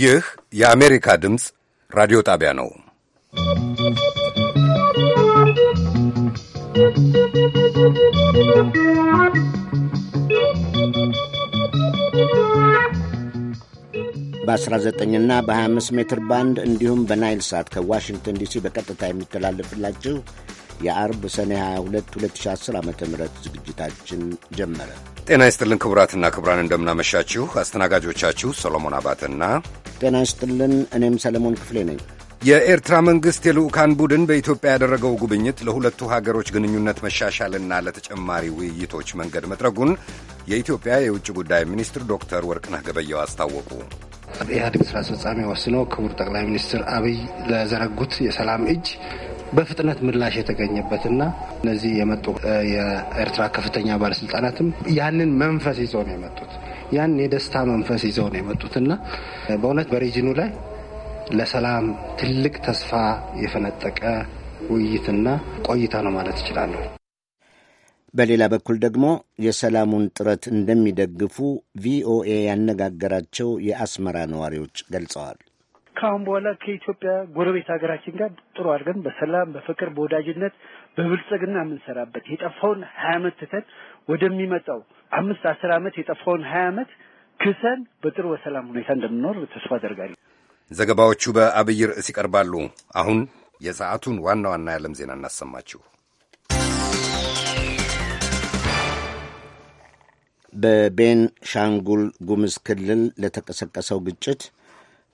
ይህ የአሜሪካ ድምፅ ራዲዮ ጣቢያ ነው። በ19 እና በ25 ሜትር ባንድ እንዲሁም በናይል ሳት ከዋሽንግተን ዲሲ በቀጥታ የሚተላለፍላችሁ የአርብ ሰኔ 22 2010 ዓ ም ዝግጅታችን ጀመረ። ጤና ይስጥልን ክቡራትና ክቡራን፣ እንደምናመሻችሁ። አስተናጋጆቻችሁ ሰሎሞን አባትና ጤና ይስጥልን፣ እኔም ሰለሞን ክፍሌ ነኝ። የኤርትራ መንግሥት የልዑካን ቡድን በኢትዮጵያ ያደረገው ጉብኝት ለሁለቱ ሀገሮች ግንኙነት መሻሻልና ለተጨማሪ ውይይቶች መንገድ መጥረጉን የኢትዮጵያ የውጭ ጉዳይ ሚኒስትር ዶክተር ወርቅነህ ገበየው አስታወቁ። ኢህአዴግ ስራ አስፈጻሚ ወስኖ ክቡር ጠቅላይ ሚኒስትር አብይ ለዘረጉት የሰላም እጅ በፍጥነት ምላሽ የተገኘበትና እነዚህ የመጡ የኤርትራ ከፍተኛ ባለስልጣናትም ያንን መንፈስ ይዘው ነው የመጡት። ያን የደስታ መንፈስ ይዘው ነው የመጡትና በእውነት በሪጅኑ ላይ ለሰላም ትልቅ ተስፋ የፈነጠቀ ውይይትና ቆይታ ነው ማለት እችላለሁ። በሌላ በኩል ደግሞ የሰላሙን ጥረት እንደሚደግፉ ቪኦኤ ያነጋገራቸው የአስመራ ነዋሪዎች ገልጸዋል። ከአሁን በኋላ ከኢትዮጵያ ጎረቤት ሀገራችን ጋር ጥሩ አድርገን በሰላም በፍቅር፣ በወዳጅነት፣ በብልጽግና የምንሰራበት የጠፋውን ሀያ ዓመት ትተን ወደሚመጣው አምስት አስር ዓመት የጠፋውን ሀያ ዓመት ክሰን በጥሩ በሰላም ሁኔታ እንደምንኖር ተስፋ አደርጋለሁ። ዘገባዎቹ በአብይ ርዕስ ይቀርባሉ። አሁን የሰዓቱን ዋና ዋና የዓለም ዜና እናሰማችሁ። በቤን ሻንጉል ጉምዝ ክልል ለተቀሰቀሰው ግጭት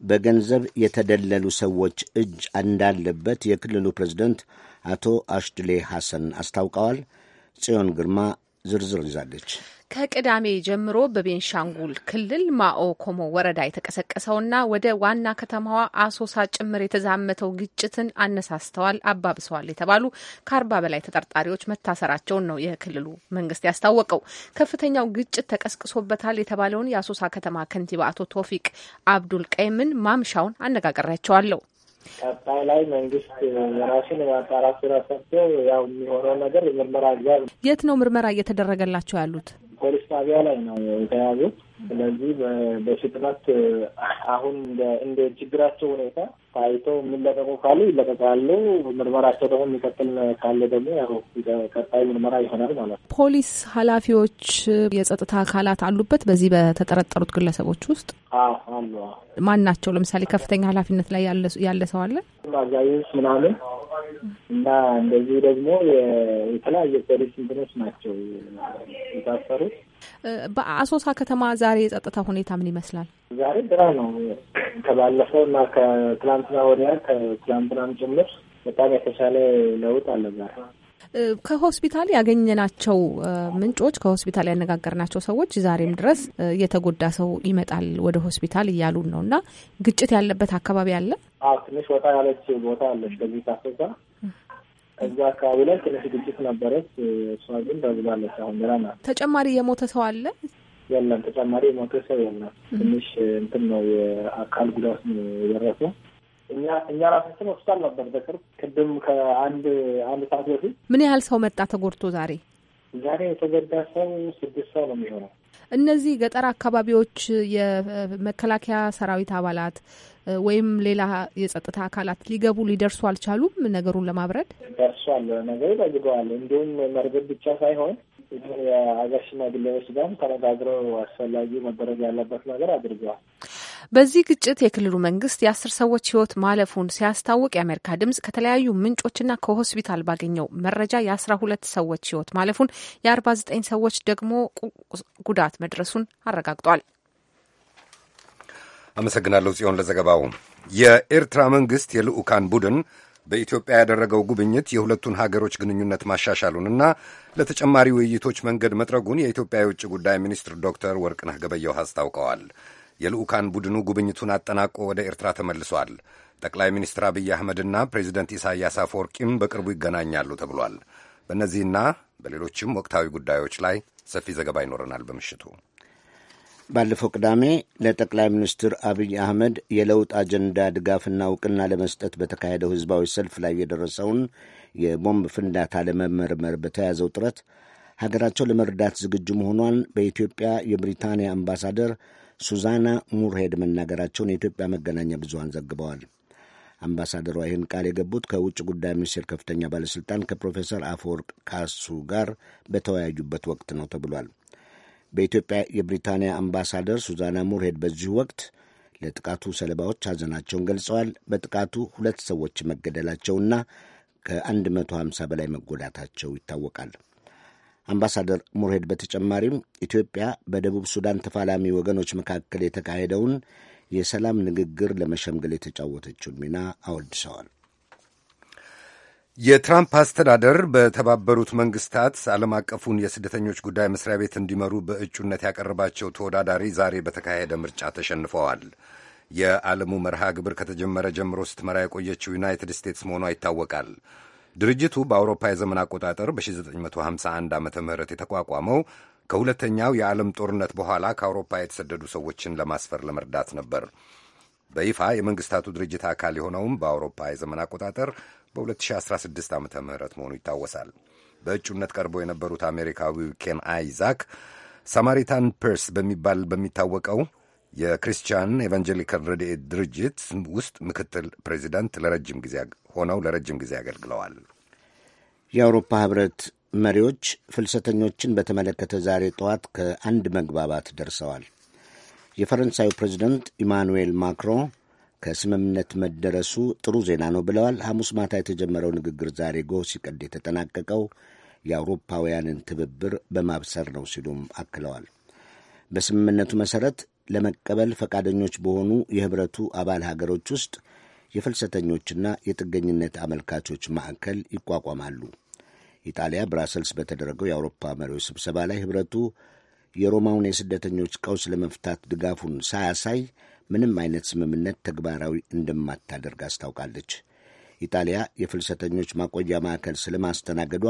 በገንዘብ የተደለሉ ሰዎች እጅ እንዳለበት የክልሉ ፕሬዝደንት አቶ አሽድሌ ሐሰን አስታውቀዋል። ጽዮን ግርማ ዝርዝር ይዛለች። ከቅዳሜ ጀምሮ በቤንሻንጉል ክልል ማኦ ኮሞ ወረዳ የተቀሰቀሰውና ወደ ዋና ከተማዋ አሶሳ ጭምር የተዛመተው ግጭትን አነሳስተዋል፣ አባብሰዋል የተባሉ ከአርባ በላይ ተጠርጣሪዎች መታሰራቸውን ነው የክልሉ መንግስት ያስታወቀው። ከፍተኛው ግጭት ተቀስቅሶበታል የተባለውን የአሶሳ ከተማ ከንቲባ አቶ ቶፊቅ አብዱል ቀይምን ማምሻውን አነጋገሪያቸዋለሁ። ቀጣይ ላይ መንግስት የራሱን የማጣራት ስራ ሰርቶ ያው የሚሆነው ነገር የምርመራ አግባብ የት ነው ምርመራ እየተደረገላቸው ያሉት? ፖሊስ ጣቢያ ላይ ነው የተያዙት። ስለዚህ በፍጥነት አሁን እንደ ችግራቸው ሁኔታ ታይቶ የሚለቀቁ ካሉ ይለቀቃሉ። ምርመራቸው ደግሞ የሚቀጥል ካለ ደግሞ ያው ቀጣይ ምርመራ ይሆናል ማለት ነው። ፖሊስ ኃላፊዎች የጸጥታ አካላት አሉበት በዚህ በተጠረጠሩት ግለሰቦች ውስጥ አሉ። ማን ናቸው? ለምሳሌ ከፍተኛ ኃላፊነት ላይ ያለ ሰው አለ አዛዦች ምናምን እና እንደዚህ ደግሞ የተለያየ ፖሊስ እንትኖች ናቸው የታሰሩት በአሶሳ ከተማ ዛሬ የጸጥታ ሁኔታ ምን ይመስላል? ዛሬ ድራ ነው። ከባለፈው እና ከትላንትና ወዲያ ከትላንትናም ጭምር በጣም የተሻለ ለውጥ አለ ዛሬ ከሆስፒታል ያገኘናቸው ምንጮች ከሆስፒታል ያነጋገርናቸው ሰዎች ዛሬም ድረስ የተጎዳ ሰው ይመጣል ወደ ሆስፒታል እያሉን ነው። እና ግጭት ያለበት አካባቢ አለ። ትንሽ ወጣ ያለች ቦታ አለች ከዚህ እዛ አካባቢ ላይ ትንሽ ግጭት ነበረች። እሷ ግን በዝባለች። አሁን ገና ናት። ተጨማሪ የሞተ ሰው አለ? የለም፣ ተጨማሪ የሞተ ሰው የለም። ትንሽ እንትን ነው የአካል ጉዳት የደረሰው። እኛ እኛ ራሳችን ሆስፒታል ነበር በቅርብ ቅድም ከአንድ አንድ ሰዓት በፊት። ምን ያህል ሰው መጣ ተጎድቶ ዛሬ? ዛሬ የተጎዳ ሰው ስድስት ሰው ነው የሚሆነው። እነዚህ ገጠር አካባቢዎች የመከላከያ ሰራዊት አባላት ወይም ሌላ የጸጥታ አካላት ሊገቡ ሊደርሱ አልቻሉም። ነገሩን ለማብረድ ደርሷል። ነገሩ ጠግበዋል። እንዲሁም መርገድ ብቻ ሳይሆን የሀገር ሽማግሌዎች ጋርም ተነጋግረው አስፈላጊ መደረግ ያለበት ነገር አድርገዋል። በዚህ ግጭት የክልሉ መንግስት የአስር ሰዎች ህይወት ማለፉን ሲያስታውቅ የአሜሪካ ድምጽ ከተለያዩ ምንጮችና ከሆስፒታል ባገኘው መረጃ የአስራ ሁለት ሰዎች ህይወት ማለፉን የአርባ ዘጠኝ ሰዎች ደግሞ ጉዳት መድረሱን አረጋግጧል። አመሰግናለሁ ጽዮን ለዘገባው። የኤርትራ መንግስት የልዑካን ቡድን በኢትዮጵያ ያደረገው ጉብኝት የሁለቱን ሀገሮች ግንኙነት ማሻሻሉንና ለተጨማሪ ውይይቶች መንገድ መጥረጉን የኢትዮጵያ የውጭ ጉዳይ ሚኒስትር ዶክተር ወርቅነህ ገበየሁ አስታውቀዋል። የልዑካን ቡድኑ ጉብኝቱን አጠናቆ ወደ ኤርትራ ተመልሷል። ጠቅላይ ሚኒስትር አብይ አህመድና ፕሬዚደንት ኢሳያስ አፈወርቂም በቅርቡ ይገናኛሉ ተብሏል። በእነዚህና በሌሎችም ወቅታዊ ጉዳዮች ላይ ሰፊ ዘገባ ይኖረናል በምሽቱ። ባለፈው ቅዳሜ ለጠቅላይ ሚኒስትር አብይ አህመድ የለውጥ አጀንዳ ድጋፍና እውቅና ለመስጠት በተካሄደው ሕዝባዊ ሰልፍ ላይ የደረሰውን የቦምብ ፍንዳታ ለመመርመር በተያዘው ጥረት ሀገራቸው ለመርዳት ዝግጁ መሆኗን በኢትዮጵያ የብሪታንያ አምባሳደር ሱዛና ሙርሄድ መናገራቸውን የኢትዮጵያ መገናኛ ብዙሀን ዘግበዋል። አምባሳደሯ ይህን ቃል የገቡት ከውጭ ጉዳይ ሚኒስቴር ከፍተኛ ባለሥልጣን ከፕሮፌሰር አፈወርቅ ካሱ ጋር በተወያዩበት ወቅት ነው ተብሏል። በኢትዮጵያ የብሪታንያ አምባሳደር ሱዛና ሙርሄድ በዚሁ ወቅት ለጥቃቱ ሰለባዎች ሐዘናቸውን ገልጸዋል። በጥቃቱ ሁለት ሰዎች መገደላቸውና ከ150 በላይ መጎዳታቸው ይታወቃል። አምባሳደር ሙርሄድ በተጨማሪም ኢትዮጵያ በደቡብ ሱዳን ተፋላሚ ወገኖች መካከል የተካሄደውን የሰላም ንግግር ለመሸምገል የተጫወተችውን ሚና አወድሰዋል። የትራምፕ አስተዳደር በተባበሩት መንግስታት ዓለም አቀፉን የስደተኞች ጉዳይ መስሪያ ቤት እንዲመሩ በእጩነት ያቀረባቸው ተወዳዳሪ ዛሬ በተካሄደ ምርጫ ተሸንፈዋል። የዓለሙ መርሃ ግብር ከተጀመረ ጀምሮ ስትመራ የቆየችው ዩናይትድ ስቴትስ መሆኗ ይታወቃል። ድርጅቱ በአውሮፓ የዘመን አቆጣጠር በ1951 ዓ ም የተቋቋመው ከሁለተኛው የዓለም ጦርነት በኋላ ከአውሮፓ የተሰደዱ ሰዎችን ለማስፈር ለመርዳት ነበር። በይፋ የመንግስታቱ ድርጅት አካል የሆነውም በአውሮፓ የዘመን አቆጣጠር በ2016 ዓ ም መሆኑ ይታወሳል። በእጩነት ቀርበው የነበሩት አሜሪካዊው ኬን አይዛክ ሳማሪታን ፐርስ በሚባል በሚታወቀው የክርስቲያን ኤቫንጀሊካል ረድኤት ድርጅት ውስጥ ምክትል ፕሬዚዳንት ለረጅም ጊዜ ሆነው ለረጅም ጊዜ አገልግለዋል። የአውሮፓ ህብረት መሪዎች ፍልሰተኞችን በተመለከተ ዛሬ ጠዋት ከአንድ መግባባት ደርሰዋል። የፈረንሳዩ ፕሬዚደንት ኢማኑኤል ማክሮን ከስምምነት መደረሱ ጥሩ ዜና ነው ብለዋል። ሐሙስ ማታ የተጀመረው ንግግር ዛሬ ጎህ ሲቀድ የተጠናቀቀው የአውሮፓውያንን ትብብር በማብሰር ነው ሲሉም አክለዋል። በስምምነቱ መሠረት ለመቀበል ፈቃደኞች በሆኑ የህብረቱ አባል ሀገሮች ውስጥ የፍልሰተኞችና የጥገኝነት አመልካቾች ማዕከል ይቋቋማሉ። ኢጣሊያ ብራሰልስ በተደረገው የአውሮፓ መሪዎች ስብሰባ ላይ ህብረቱ የሮማውን የስደተኞች ቀውስ ለመፍታት ድጋፉን ሳያሳይ ምንም አይነት ስምምነት ተግባራዊ እንደማታደርግ አስታውቃለች። ኢጣሊያ የፍልሰተኞች ማቆያ ማዕከል ስለማስተናገዷ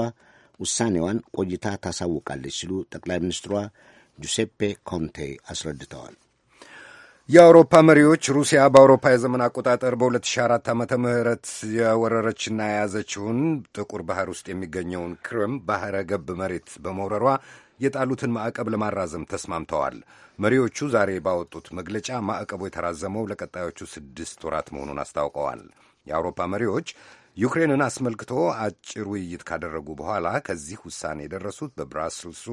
ውሳኔዋን ቆይታ ታሳውቃለች ሲሉ ጠቅላይ ሚኒስትሯ ጁሴፔ ኮንቴ አስረድተዋል። የአውሮፓ መሪዎች ሩሲያ በአውሮፓ የዘመን አቆጣጠር በ2004 ዓመተ ምህረት የወረረችና የያዘችውን ጥቁር ባህር ውስጥ የሚገኘውን ክርም ባህረ ገብ መሬት በመውረሯ የጣሉትን ማዕቀብ ለማራዘም ተስማምተዋል። መሪዎቹ ዛሬ ባወጡት መግለጫ ማዕቀቡ የተራዘመው ለቀጣዮቹ ስድስት ወራት መሆኑን አስታውቀዋል። የአውሮፓ መሪዎች ዩክሬንን አስመልክቶ አጭር ውይይት ካደረጉ በኋላ ከዚህ ውሳኔ የደረሱት በብራስልሱ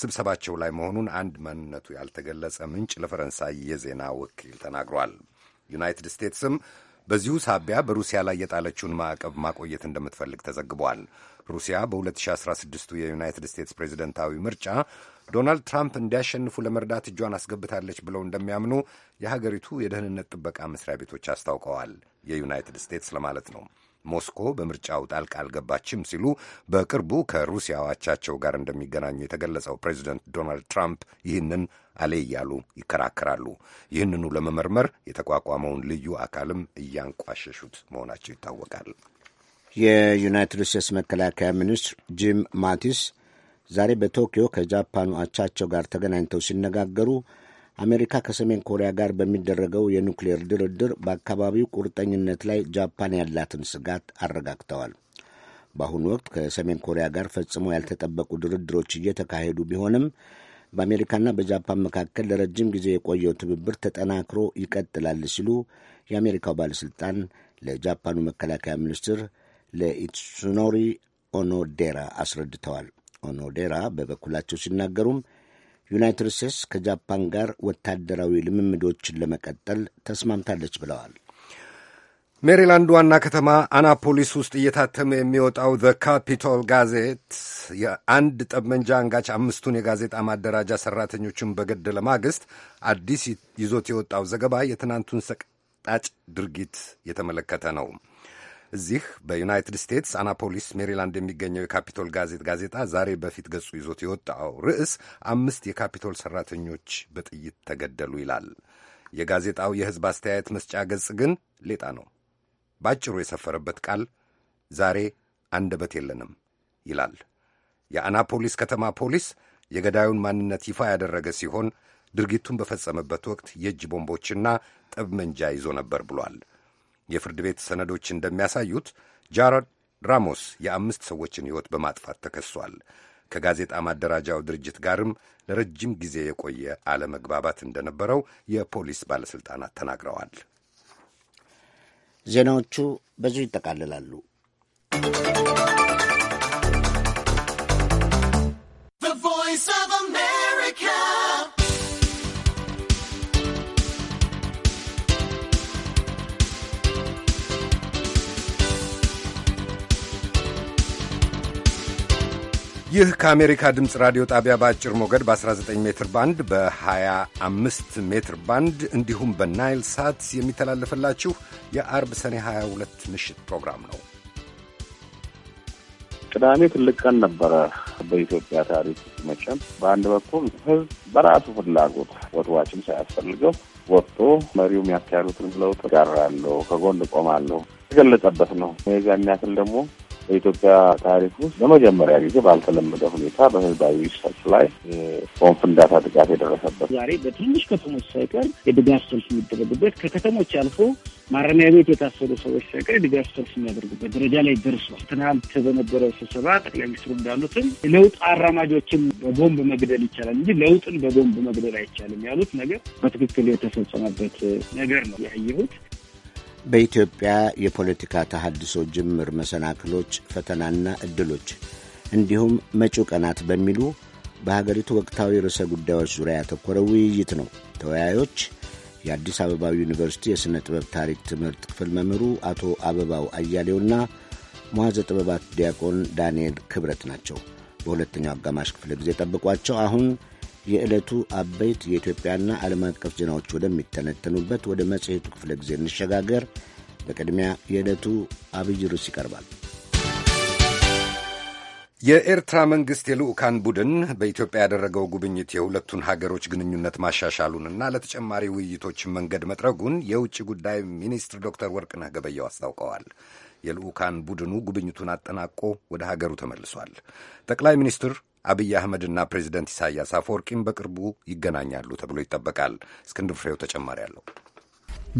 ስብሰባቸው ላይ መሆኑን አንድ ማንነቱ ያልተገለጸ ምንጭ ለፈረንሳይ የዜና ወኪል ተናግሯል። ዩናይትድ ስቴትስም በዚሁ ሳቢያ በሩሲያ ላይ የጣለችውን ማዕቀብ ማቆየት እንደምትፈልግ ተዘግቧል። ሩሲያ በ 2016 የዩናይትድ ስቴትስ ፕሬዚደንታዊ ምርጫ ዶናልድ ትራምፕ እንዲያሸንፉ ለመርዳት እጇን አስገብታለች ብለው እንደሚያምኑ የሀገሪቱ የደህንነት ጥበቃ መስሪያ ቤቶች አስታውቀዋል። የዩናይትድ ስቴትስ ለማለት ነው። ሞስኮ በምርጫው ጣልቃ አልገባችም ሲሉ በቅርቡ ከሩሲያ አቻቸው ጋር እንደሚገናኙ የተገለጸው ፕሬዚደንት ዶናልድ ትራምፕ ይህንን አሌ እያሉ ይከራከራሉ። ይህንኑ ለመመርመር የተቋቋመውን ልዩ አካልም እያንቋሸሹት መሆናቸው ይታወቃል። የዩናይትድ ስቴትስ መከላከያ ሚኒስትር ጂም ማቲስ ዛሬ በቶኪዮ ከጃፓኑ አቻቸው ጋር ተገናኝተው ሲነጋገሩ አሜሪካ ከሰሜን ኮሪያ ጋር በሚደረገው የኑክሌር ድርድር በአካባቢው ቁርጠኝነት ላይ ጃፓን ያላትን ስጋት አረጋግተዋል። በአሁኑ ወቅት ከሰሜን ኮሪያ ጋር ፈጽሞ ያልተጠበቁ ድርድሮች እየተካሄዱ ቢሆንም በአሜሪካና በጃፓን መካከል ለረጅም ጊዜ የቆየው ትብብር ተጠናክሮ ይቀጥላል ሲሉ የአሜሪካው ባለሥልጣን ለጃፓኑ መከላከያ ሚኒስትር ለኢትሱኖሪ ኦኖዴራ አስረድተዋል። ኦኖዴራ በበኩላቸው ሲናገሩም ዩናይትድ ስቴትስ ከጃፓን ጋር ወታደራዊ ልምምዶችን ለመቀጠል ተስማምታለች ብለዋል። ሜሪላንድ ዋና ከተማ አናፖሊስ ውስጥ እየታተመ የሚወጣው ዘ ካፒቶል ጋዜት የአንድ ጠመንጃ አንጋች አምስቱን የጋዜጣ ማደራጃ ሠራተኞችን በገደለ ማግስት አዲስ ይዞት የወጣው ዘገባ የትናንቱን ሰቅጣጭ ድርጊት የተመለከተ ነው። እዚህ በዩናይትድ ስቴትስ አናፖሊስ ሜሪላንድ የሚገኘው የካፒቶል ጋዜጥ ጋዜጣ ዛሬ በፊት ገጹ ይዞት የወጣው ርዕስ አምስት የካፒቶል ሠራተኞች በጥይት ተገደሉ ይላል። የጋዜጣው የሕዝብ አስተያየት መስጫ ገጽ ግን ሌጣ ነው። በአጭሩ የሰፈረበት ቃል ዛሬ አንደበት የለንም ይላል። የአናፖሊስ ከተማ ፖሊስ የገዳዩን ማንነት ይፋ ያደረገ ሲሆን ድርጊቱን በፈጸመበት ወቅት የእጅ ቦምቦችና ጠብመንጃ ይዞ ነበር ብሏል። የፍርድ ቤት ሰነዶች እንደሚያሳዩት ጃራድ ራሞስ የአምስት ሰዎችን ሕይወት በማጥፋት ተከሷል። ከጋዜጣ ማደራጃው ድርጅት ጋርም ለረጅም ጊዜ የቆየ አለመግባባት እንደነበረው የፖሊስ ባለሥልጣናት ተናግረዋል። ዜናዎቹ በዚሁ ይጠቃልላሉ። ይህ ከአሜሪካ ድምፅ ራዲዮ ጣቢያ በአጭር ሞገድ በ19 ሜትር ባንድ በ25 ሜትር ባንድ እንዲሁም በናይል ሳት የሚተላለፍላችሁ የአርብ ሰኔ 22 ምሽት ፕሮግራም ነው። ቅዳሜ ትልቅ ቀን ነበረ በኢትዮጵያ ታሪክ መቼም። በአንድ በኩል ሕዝብ በራሱ ፍላጎት ወትዋችን ሳያስፈልገው ወጥቶ መሪውም ያካሄዱትን ለውጥ ጋራለሁ፣ ከጎን እቆማለሁ የገለጸበት ነው። የዚያን ያክል ደግሞ በኢትዮጵያ ታሪክ ውስጥ ለመጀመሪያ ጊዜ ባልተለመደ ሁኔታ በህዝባዊ ሰልፍ ላይ ቦምብ ፍንዳታ ጥቃት የደረሰበት ዛሬ በትንሽ ከተሞች ሳይቀር የድጋፍ ሰልፍ የሚደረግበት ከከተሞች አልፎ ማረሚያ ቤት የታሰሩ ሰዎች ሳይቀር የድጋፍ ሰልፍ የሚያደርጉበት ደረጃ ላይ ደርሷል። ትናንት በነበረው ስብሰባ ጠቅላይ ሚኒስትሩ እንዳሉትም ለውጥ አራማጆችን በቦምብ መግደል ይቻላል እንጂ ለውጥን በቦምብ መግደል አይቻልም ያሉት ነገር በትክክል የተፈጸመበት ነገር ነው ያየሁት። በኢትዮጵያ የፖለቲካ ተሃድሶ ጅምር መሰናክሎች፣ ፈተናና ዕድሎች እንዲሁም መጪው ቀናት በሚሉ በሀገሪቱ ወቅታዊ ርዕሰ ጉዳዮች ዙሪያ ያተኮረ ውይይት ነው። ተወያዮች የአዲስ አበባ ዩኒቨርሲቲ የሥነ ጥበብ ታሪክ ትምህርት ክፍል መምህሩ አቶ አበባው አያሌውና መዘ ጥበባት ዲያቆን ዳንኤል ክብረት ናቸው። በሁለተኛው አጋማሽ ክፍለ ጊዜ ጠብቋቸው። አሁን የዕለቱ አበይት የኢትዮጵያና ዓለም አቀፍ ዜናዎች ወደሚተነተኑበት ወደ መጽሔቱ ክፍለ ጊዜ እንሸጋገር። በቅድሚያ የዕለቱ አብይ ርዕስ ይቀርባል። የኤርትራ መንግሥት የልዑካን ቡድን በኢትዮጵያ ያደረገው ጉብኝት የሁለቱን ሀገሮች ግንኙነት ማሻሻሉንና ለተጨማሪ ውይይቶች መንገድ መጥረጉን የውጭ ጉዳይ ሚኒስትር ዶክተር ወርቅነህ ገበየው አስታውቀዋል። የልዑካን ቡድኑ ጉብኝቱን አጠናቆ ወደ ሀገሩ ተመልሷል። ጠቅላይ ሚኒስትር አብይ አህመድና ፕሬዚደንት ኢሳያስ አፈወርቂም በቅርቡ ይገናኛሉ ተብሎ ይጠበቃል። እስክንድር ፍሬው ተጨማሪ አለው።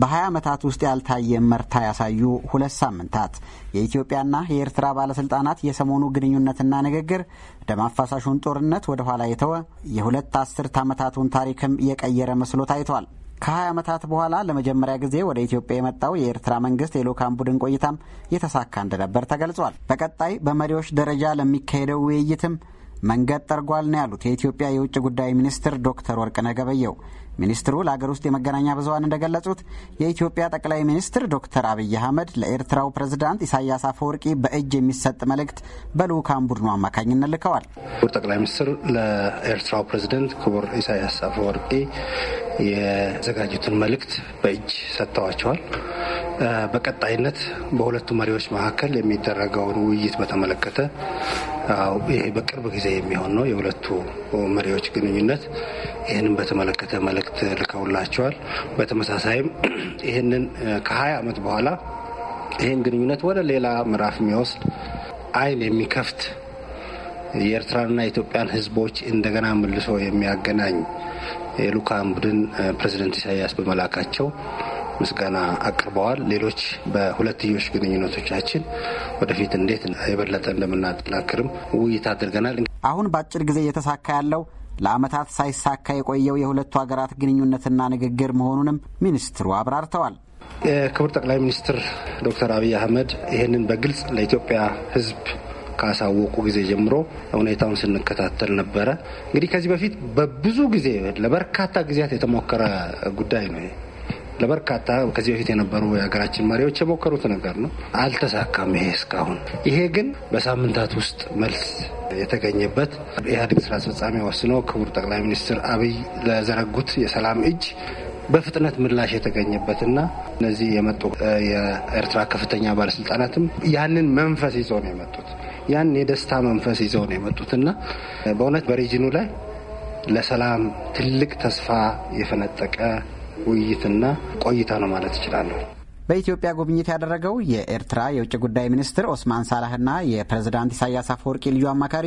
በ20 ዓመታት ውስጥ ያልታየ መርታ ያሳዩ ሁለት ሳምንታት የኢትዮጵያና የኤርትራ ባለስልጣናት የሰሞኑ ግንኙነትና ንግግር ደም አፋሳሹን ጦርነት ወደ ኋላ የተወ የሁለት አስርት ዓመታቱን ታሪክም የቀየረ መስሎ ታይቷል። ከ20 ዓመታት በኋላ ለመጀመሪያ ጊዜ ወደ ኢትዮጵያ የመጣው የኤርትራ መንግስት የልዑካን ቡድን ቆይታም የተሳካ እንደነበር ተገልጿል። በቀጣይ በመሪዎች ደረጃ ለሚካሄደው ውይይትም መንገድ ጠርጓል ነው ያሉት የኢትዮጵያ የውጭ ጉዳይ ሚኒስትር ዶክተር ወርቅነህ ገበየሁ። ሚኒስትሩ ለአገር ውስጥ የመገናኛ ብዙሀን እንደገለጹት የኢትዮጵያ ጠቅላይ ሚኒስትር ዶክተር አብይ አህመድ ለኤርትራው ፕሬዝዳንት ኢሳያስ አፈወርቂ በእጅ የሚሰጥ መልእክት በልዑካን ቡድኑ አማካኝነት ልከዋል። ክቡር ጠቅላይ ሚኒስትር ለኤርትራው ፕሬዝደንት ክቡር ኢሳያስ አፈወርቂ የዘጋጁትን መልእክት በእጅ ሰጥተዋቸዋል። በቀጣይነት በሁለቱ መሪዎች መካከል የሚደረገውን ውይይት በተመለከተ ይሄ በቅርብ ጊዜ የሚሆን ነው። የሁለቱ መሪዎች ግንኙነት ይህንን በተመለከተ መልእክት ልከውላቸዋል። በተመሳሳይም ይህንን ከሀያ ዓመት በኋላ ይህን ግንኙነት ወደ ሌላ ምዕራፍ የሚወስድ አይን የሚከፍት የኤርትራንና የኢትዮጵያን ሕዝቦች እንደገና መልሶ የሚያገናኝ የልዑካን ቡድን ፕሬዚደንት ኢሳያስ በመላካቸው ምስጋና አቅርበዋል። ሌሎች በሁለትዮሽ ግንኙነቶቻችን ወደፊት እንዴት የበለጠ እንደምናጠናክርም ውይይት አድርገናል። አሁን በአጭር ጊዜ እየተሳካ ያለው ለዓመታት ሳይሳካ የቆየው የሁለቱ ሀገራት ግንኙነትና ንግግር መሆኑንም ሚኒስትሩ አብራርተዋል። የክቡር ጠቅላይ ሚኒስትር ዶክተር አብይ አህመድ ይህንን በግልጽ ለኢትዮጵያ ሕዝብ ካሳወቁ ጊዜ ጀምሮ ሁኔታውን ስንከታተል ነበረ። እንግዲህ ከዚህ በፊት በብዙ ጊዜ ለበርካታ ጊዜያት የተሞከረ ጉዳይ ነው። ለበርካታ ከዚህ በፊት የነበሩ የሀገራችን መሪዎች የሞከሩት ነገር ነው። አልተሳካም። ይሄ እስካሁን ይሄ ግን በሳምንታት ውስጥ መልስ የተገኘበት ኢህአዴግ ስራ አስፈጻሚ ወስኖ ክቡር ጠቅላይ ሚኒስትር አብይ ለዘረጉት የሰላም እጅ በፍጥነት ምላሽ የተገኘበትና እነዚህ የመጡ የኤርትራ ከፍተኛ ባለስልጣናትም ያንን መንፈስ ይዘው ነው የመጡት። ያን የደስታ መንፈስ ይዘው ነው የመጡትና በእውነት በሪጅኑ ላይ ለሰላም ትልቅ ተስፋ የፈነጠቀ ውይይትና ቆይታ ነው ማለት እችላለሁ። በኢትዮጵያ ጉብኝት ያደረገው የኤርትራ የውጭ ጉዳይ ሚኒስትር ኦስማን ሳላህና የፕሬዝዳንት ኢሳያስ አፈወርቂ ልዩ አማካሪ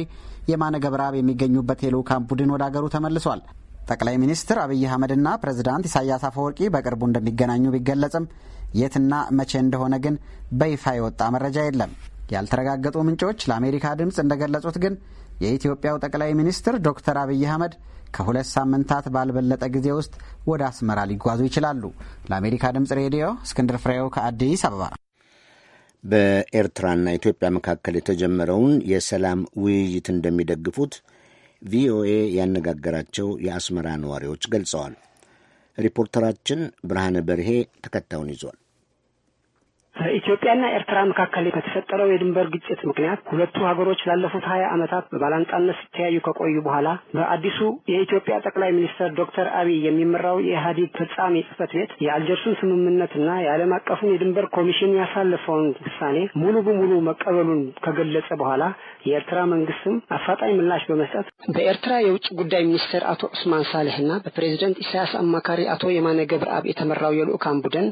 የማነ ገብረአብ የሚገኙበት የልዑካን ቡድን ወደ አገሩ ተመልሷል። ጠቅላይ ሚኒስትር አብይ አህመድና ፕሬዝዳንት ኢሳያስ አፈወርቂ በቅርቡ እንደሚገናኙ ቢገለጽም የትና መቼ እንደሆነ ግን በይፋ የወጣ መረጃ የለም። ያልተረጋገጡ ምንጮች ለአሜሪካ ድምፅ እንደገለጹት ግን የኢትዮጵያው ጠቅላይ ሚኒስትር ዶክተር አብይ አህመድ ከሁለት ሳምንታት ባልበለጠ ጊዜ ውስጥ ወደ አስመራ ሊጓዙ ይችላሉ። ለአሜሪካ ድምፅ ሬዲዮ እስክንድር ፍሬው ከአዲስ አበባ። በኤርትራና ኢትዮጵያ መካከል የተጀመረውን የሰላም ውይይት እንደሚደግፉት ቪኦኤ ያነጋገራቸው የአስመራ ነዋሪዎች ገልጸዋል። ሪፖርተራችን ብርሃነ በርሄ ተከታዩን ይዟል። በኢትዮጵያና ኤርትራ መካከል በተፈጠረው የድንበር ግጭት ምክንያት ሁለቱ ሀገሮች ላለፉት ሀያ ዓመታት በባላንጣነት ሲተያዩ ከቆዩ በኋላ በአዲሱ የኢትዮጵያ ጠቅላይ ሚኒስትር ዶክተር አብይ የሚመራው የኢህአዴግ ፍጻሜ ጽህፈት ቤት የአልጀርሱን ስምምነትና የዓለም አቀፉን የድንበር ኮሚሽን ያሳለፈውን ውሳኔ ሙሉ በሙሉ መቀበሉን ከገለጸ በኋላ የኤርትራ መንግስትም አፋጣኝ ምላሽ በመስጠት በኤርትራ የውጭ ጉዳይ ሚኒስትር አቶ ዑስማን ሳልህና በፕሬዝደንት ኢሳያስ አማካሪ አቶ የማነ ገብረአብ የተመራው የልኡካን ቡድን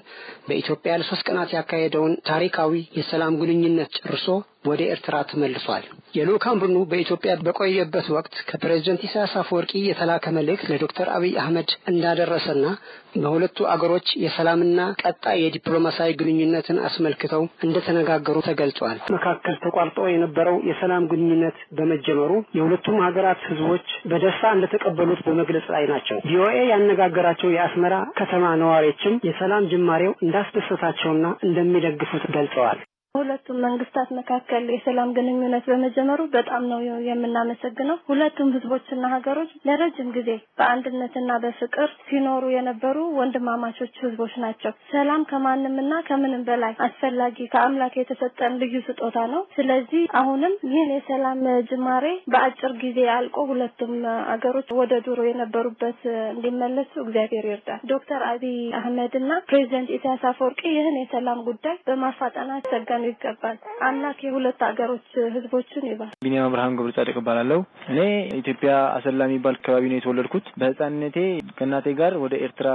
በኢትዮጵያ ለሶስት ቀናት ያካሄደው ያላቸውን ታሪካዊ የሰላም ግንኙነት ጨርሶ ወደ ኤርትራ ተመልሷል። የልዑካን ቡድኑ በኢትዮጵያ በቆየበት ወቅት ከፕሬዝደንት ኢሳያስ አፈወርቂ የተላከ መልእክት ለዶክተር አብይ አህመድ እንዳደረሰና በሁለቱ አገሮች የሰላምና ቀጣይ የዲፕሎማሲያዊ ግንኙነትን አስመልክተው እንደተነጋገሩ ተገልጿል። መካከል ተቋርጦ የነበረው የሰላም ግንኙነት በመጀመሩ የሁለቱም ሀገራት ህዝቦች በደስታ እንደተቀበሉት በመግለጽ ላይ ናቸው። ቪኦኤ ያነጋገራቸው የአስመራ ከተማ ነዋሪዎችም የሰላም ጅማሬው እንዳስደሰታቸውና እንደሚደግፉት ገልጸዋል። በሁለቱም መንግስታት መካከል የሰላም ግንኙነት በመጀመሩ በጣም ነው የምናመሰግነው። ሁለቱም ህዝቦችና ሀገሮች ለረጅም ጊዜ በአንድነትና በፍቅር ሲኖሩ የነበሩ ወንድማማቾች ህዝቦች ናቸው። ሰላም ከማንምና ከምንም በላይ አስፈላጊ ከአምላክ የተሰጠን ልዩ ስጦታ ነው። ስለዚህ አሁንም ይህን የሰላም ጅማሬ በአጭር ጊዜ አልቆ ሁለቱም ሀገሮች ወደ ድሮ የነበሩበት እንዲመለሱ እግዚአብሔር ይርዳል። ዶክተር አህመድ አህመድና ፕሬዚደንት ኢሳያስ አፈወርቂ ይህን የሰላም ጉዳይ በማፋጠና ሰገ ሊያድነው ይገባል። አምላክ የሁለት ሀገሮች ህዝቦችን ይባል። ቢኒያም ብርሃን ገብረ ጻድቅ እባላለሁ። እኔ ኢትዮጵያ አሰላ የሚባል አካባቢ ነው የተወለድኩት። በህፃንነቴ ከእናቴ ጋር ወደ ኤርትራ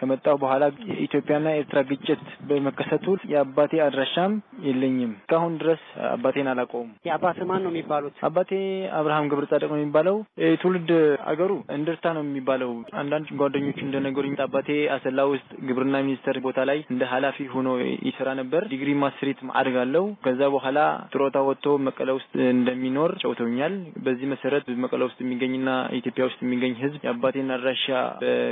ከመጣሁ በኋላ የኢትዮጵያና የኤርትራ ግጭት በመከሰቱ የአባቴ አድራሻም የለኝም። እስካሁን ድረስ አባቴን አላውቀውም። የአባት ማን ነው የሚባሉት? አባቴ አብርሃም ገብረ ጻድቅ ነው የሚባለው። የትውልድ አገሩ እንድርታ ነው የሚባለው። አንዳንድ ጓደኞች እንደነገሩኝ አባቴ አሰላ ውስጥ ግብርና ሚኒስቴር ቦታ ላይ እንደ ኃላፊ ሆኖ ይሰራ ነበር። ዲግሪ ማስሪት ማዕድግ አለው። ከዛ በኋላ ጥሮታ ወጥቶ መቀለ ውስጥ እንደሚኖር ጨውተውኛል። በዚህ መሰረት መቀለ ውስጥ የሚገኝና ኢትዮጵያ ውስጥ የሚገኝ ህዝብ የአባቴን አድራሻ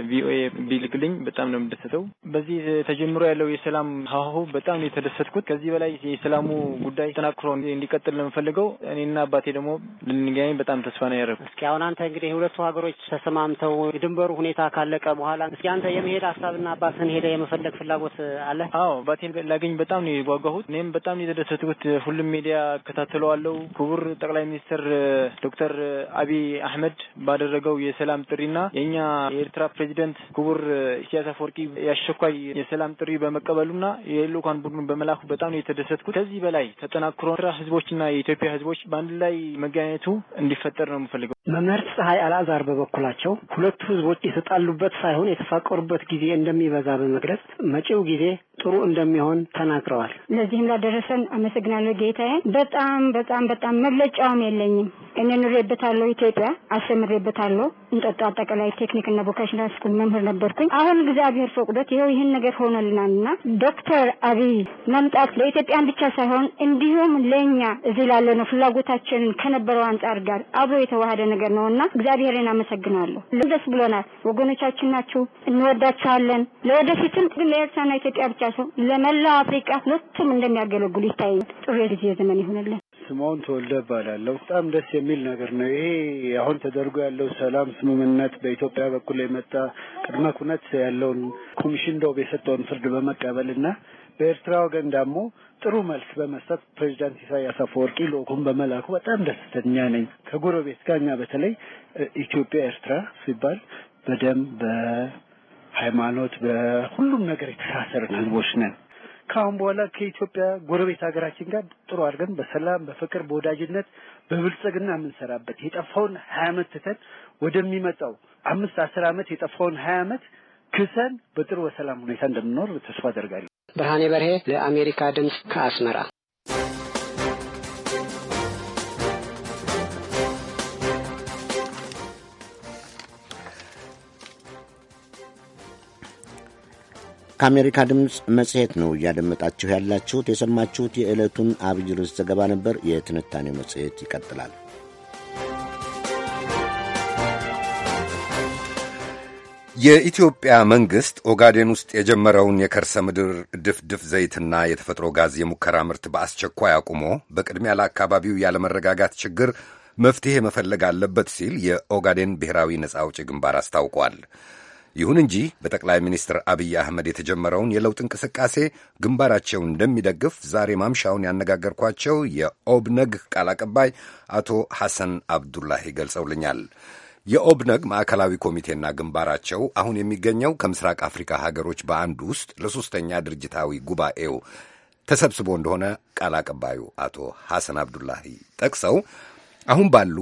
በቪኦኤ ቢልክልኝ በጣም ነው የምደሰተው። በዚህ ተጀምሮ ያለው የሰላም ሀሁ በጣም የተደሰትኩት። ከዚህ በላይ የሰላሙ ጉዳይ ተጠናክሮ እንዲቀጥል ለምፈልገው እኔና አባቴ ደግሞ ልንገናኝ በጣም ተስፋ ነው ያደረኩት። እስኪ አሁን አንተ እንግዲህ ሁለቱ ሀገሮች ተስማምተው የድንበሩ ሁኔታ ካለቀ በኋላ እስኪ አንተ የመሄድ ሀሳብና አባትን ሄደ የመፈለግ ፍላጎት አለ? አዎ አባቴን ላገኝ በጣም ነው የጓጓሁት። እኔም በጣም ነው የተደሰትኩት። ሁሉም ሚዲያ እከታተለዋለሁ። ክቡር ጠቅላይ ሚኒስትር ዶክተር አብይ አህመድ ባደረገው የሰላም ጥሪና የእኛ የኤርትራ ፕሬዚደንት ክቡር ኢሳያስ ኢሳያስ አፈወርቂ የአስቸኳይ የሰላም ጥሪ በመቀበሉና የልኡካን ቡድኑን በመላኩ በጣም ነው የተደሰትኩት። ከዚህ በላይ ተጠናክሮ ኤርትራ ህዝቦችና የኢትዮጵያ ህዝቦች በአንድ ላይ መገናኘቱ እንዲፈጠር ነው የምፈልገው። መምህርት ፀሐይ አልአዛር በበኩላቸው ሁለቱ ህዝቦች የተጣሉበት ሳይሆን የተፋቀሩበት ጊዜ እንደሚበዛ በመግለጽ መጪው ጊዜ ጥሩ እንደሚሆን ተናግረዋል። ለዚህም ላደረሰን አመሰግናለሁ ጌታዬ። በጣም በጣም በጣም መግለጫውም የለኝም። እኔ ኑሬበታለሁ፣ ኢትዮጵያ አስተምሬበታለሁ። እንጠጣ አጠቃላይ ቴክኒክና ቮካሽናል ስኩል መምህር ነበርኩኝ። አሁን እግዚአብሔር ፈቅዶት ይኸው ይህን ነገር ሆኖልናልና ዶክተር አብይ መምጣት ለኢትዮጵያን ብቻ ሳይሆን እንዲሁም ለእኛ እዚህ ላለነው ፍላጎታችንን ከነበረው አንጻር ጋር አብሮ የተዋሃደ ነገር ነው እና እግዚአብሔርን አመሰግናለሁ። ደስ ብሎናል። ወገኖቻችን ናችሁ፣ እንወዳችኋለን። ለወደፊትም ግን ለኤርትራና ኢትዮጵያ ብቻ ሰው ለመላው አፍሪካ ሁለቱም እንደሚያገለግሉ ይታያል። ጥሩ የጊዜ ዘመን ይሆንልን። ስምዖን ተወልደ እባላለሁ። በጣም ደስ የሚል ነገር ነው ይሄ አሁን ተደርጎ ያለው ሰላም ስምምነት በኢትዮጵያ በኩል የመጣ ቅድመ ኩነት ያለውን ኮሚሽን ዶብ የሰጠውን ፍርድ በመቀበልና በኤርትራ ወገን ደግሞ ጥሩ መልስ በመስጠት ፕሬዚዳንት ኢሳያስ አፈወርቂ ልዑኩን በመላኩ በጣም ደስተኛ ነኝ። ከጎረቤት ጋር እኛ በተለይ ኢትዮጵያ ኤርትራ ሲባል በደም በሃይማኖት፣ በሁሉም ነገር የተሳሰርን ህዝቦች ነን። ከአሁን በኋላ ከኢትዮጵያ ጎረቤት ሀገራችን ጋር ጥሩ አድርገን በሰላም በፍቅር፣ በወዳጅነት፣ በብልጽግና የምንሰራበት የጠፋውን ሀያ አመት ትተን ወደሚመጣው አምስት አስር አመት የጠፋውን ሀያ አመት ክሰን በጥሩ በሰላም ሁኔታ እንደምንኖር ተስፋ አደርጋለሁ። ብርሃኔ በርሄ ለአሜሪካ ድምፅ ከአስመራ ከአሜሪካ ድምፅ መጽሔት ነው እያደመጣችሁ ያላችሁት። የሰማችሁት የዕለቱን አብይ ርዕስ ዘገባ ነበር። የትንታኔው መጽሔት ይቀጥላል። የኢትዮጵያ መንግሥት ኦጋዴን ውስጥ የጀመረውን የከርሰ ምድር ድፍድፍ ዘይትና የተፈጥሮ ጋዝ የሙከራ ምርት በአስቸኳይ አቁሞ በቅድሚያ ለአካባቢው ያለመረጋጋት ችግር መፍትሔ መፈለግ አለበት ሲል የኦጋዴን ብሔራዊ ነፃ አውጪ ግንባር አስታውቋል። ይሁን እንጂ በጠቅላይ ሚኒስትር አብይ አህመድ የተጀመረውን የለውጥ እንቅስቃሴ ግንባራቸውን እንደሚደግፍ ዛሬ ማምሻውን ያነጋገርኳቸው የኦብነግ ቃል አቀባይ አቶ ሐሰን አብዱላሂ ገልጸውልኛል። የኦብነግ ማዕከላዊ ኮሚቴና ግንባራቸው አሁን የሚገኘው ከምስራቅ አፍሪካ ሀገሮች በአንዱ ውስጥ ለሶስተኛ ድርጅታዊ ጉባኤው ተሰብስቦ እንደሆነ ቃል አቀባዩ አቶ ሐሰን አብዱላሂ ጠቅሰው አሁን ባሉ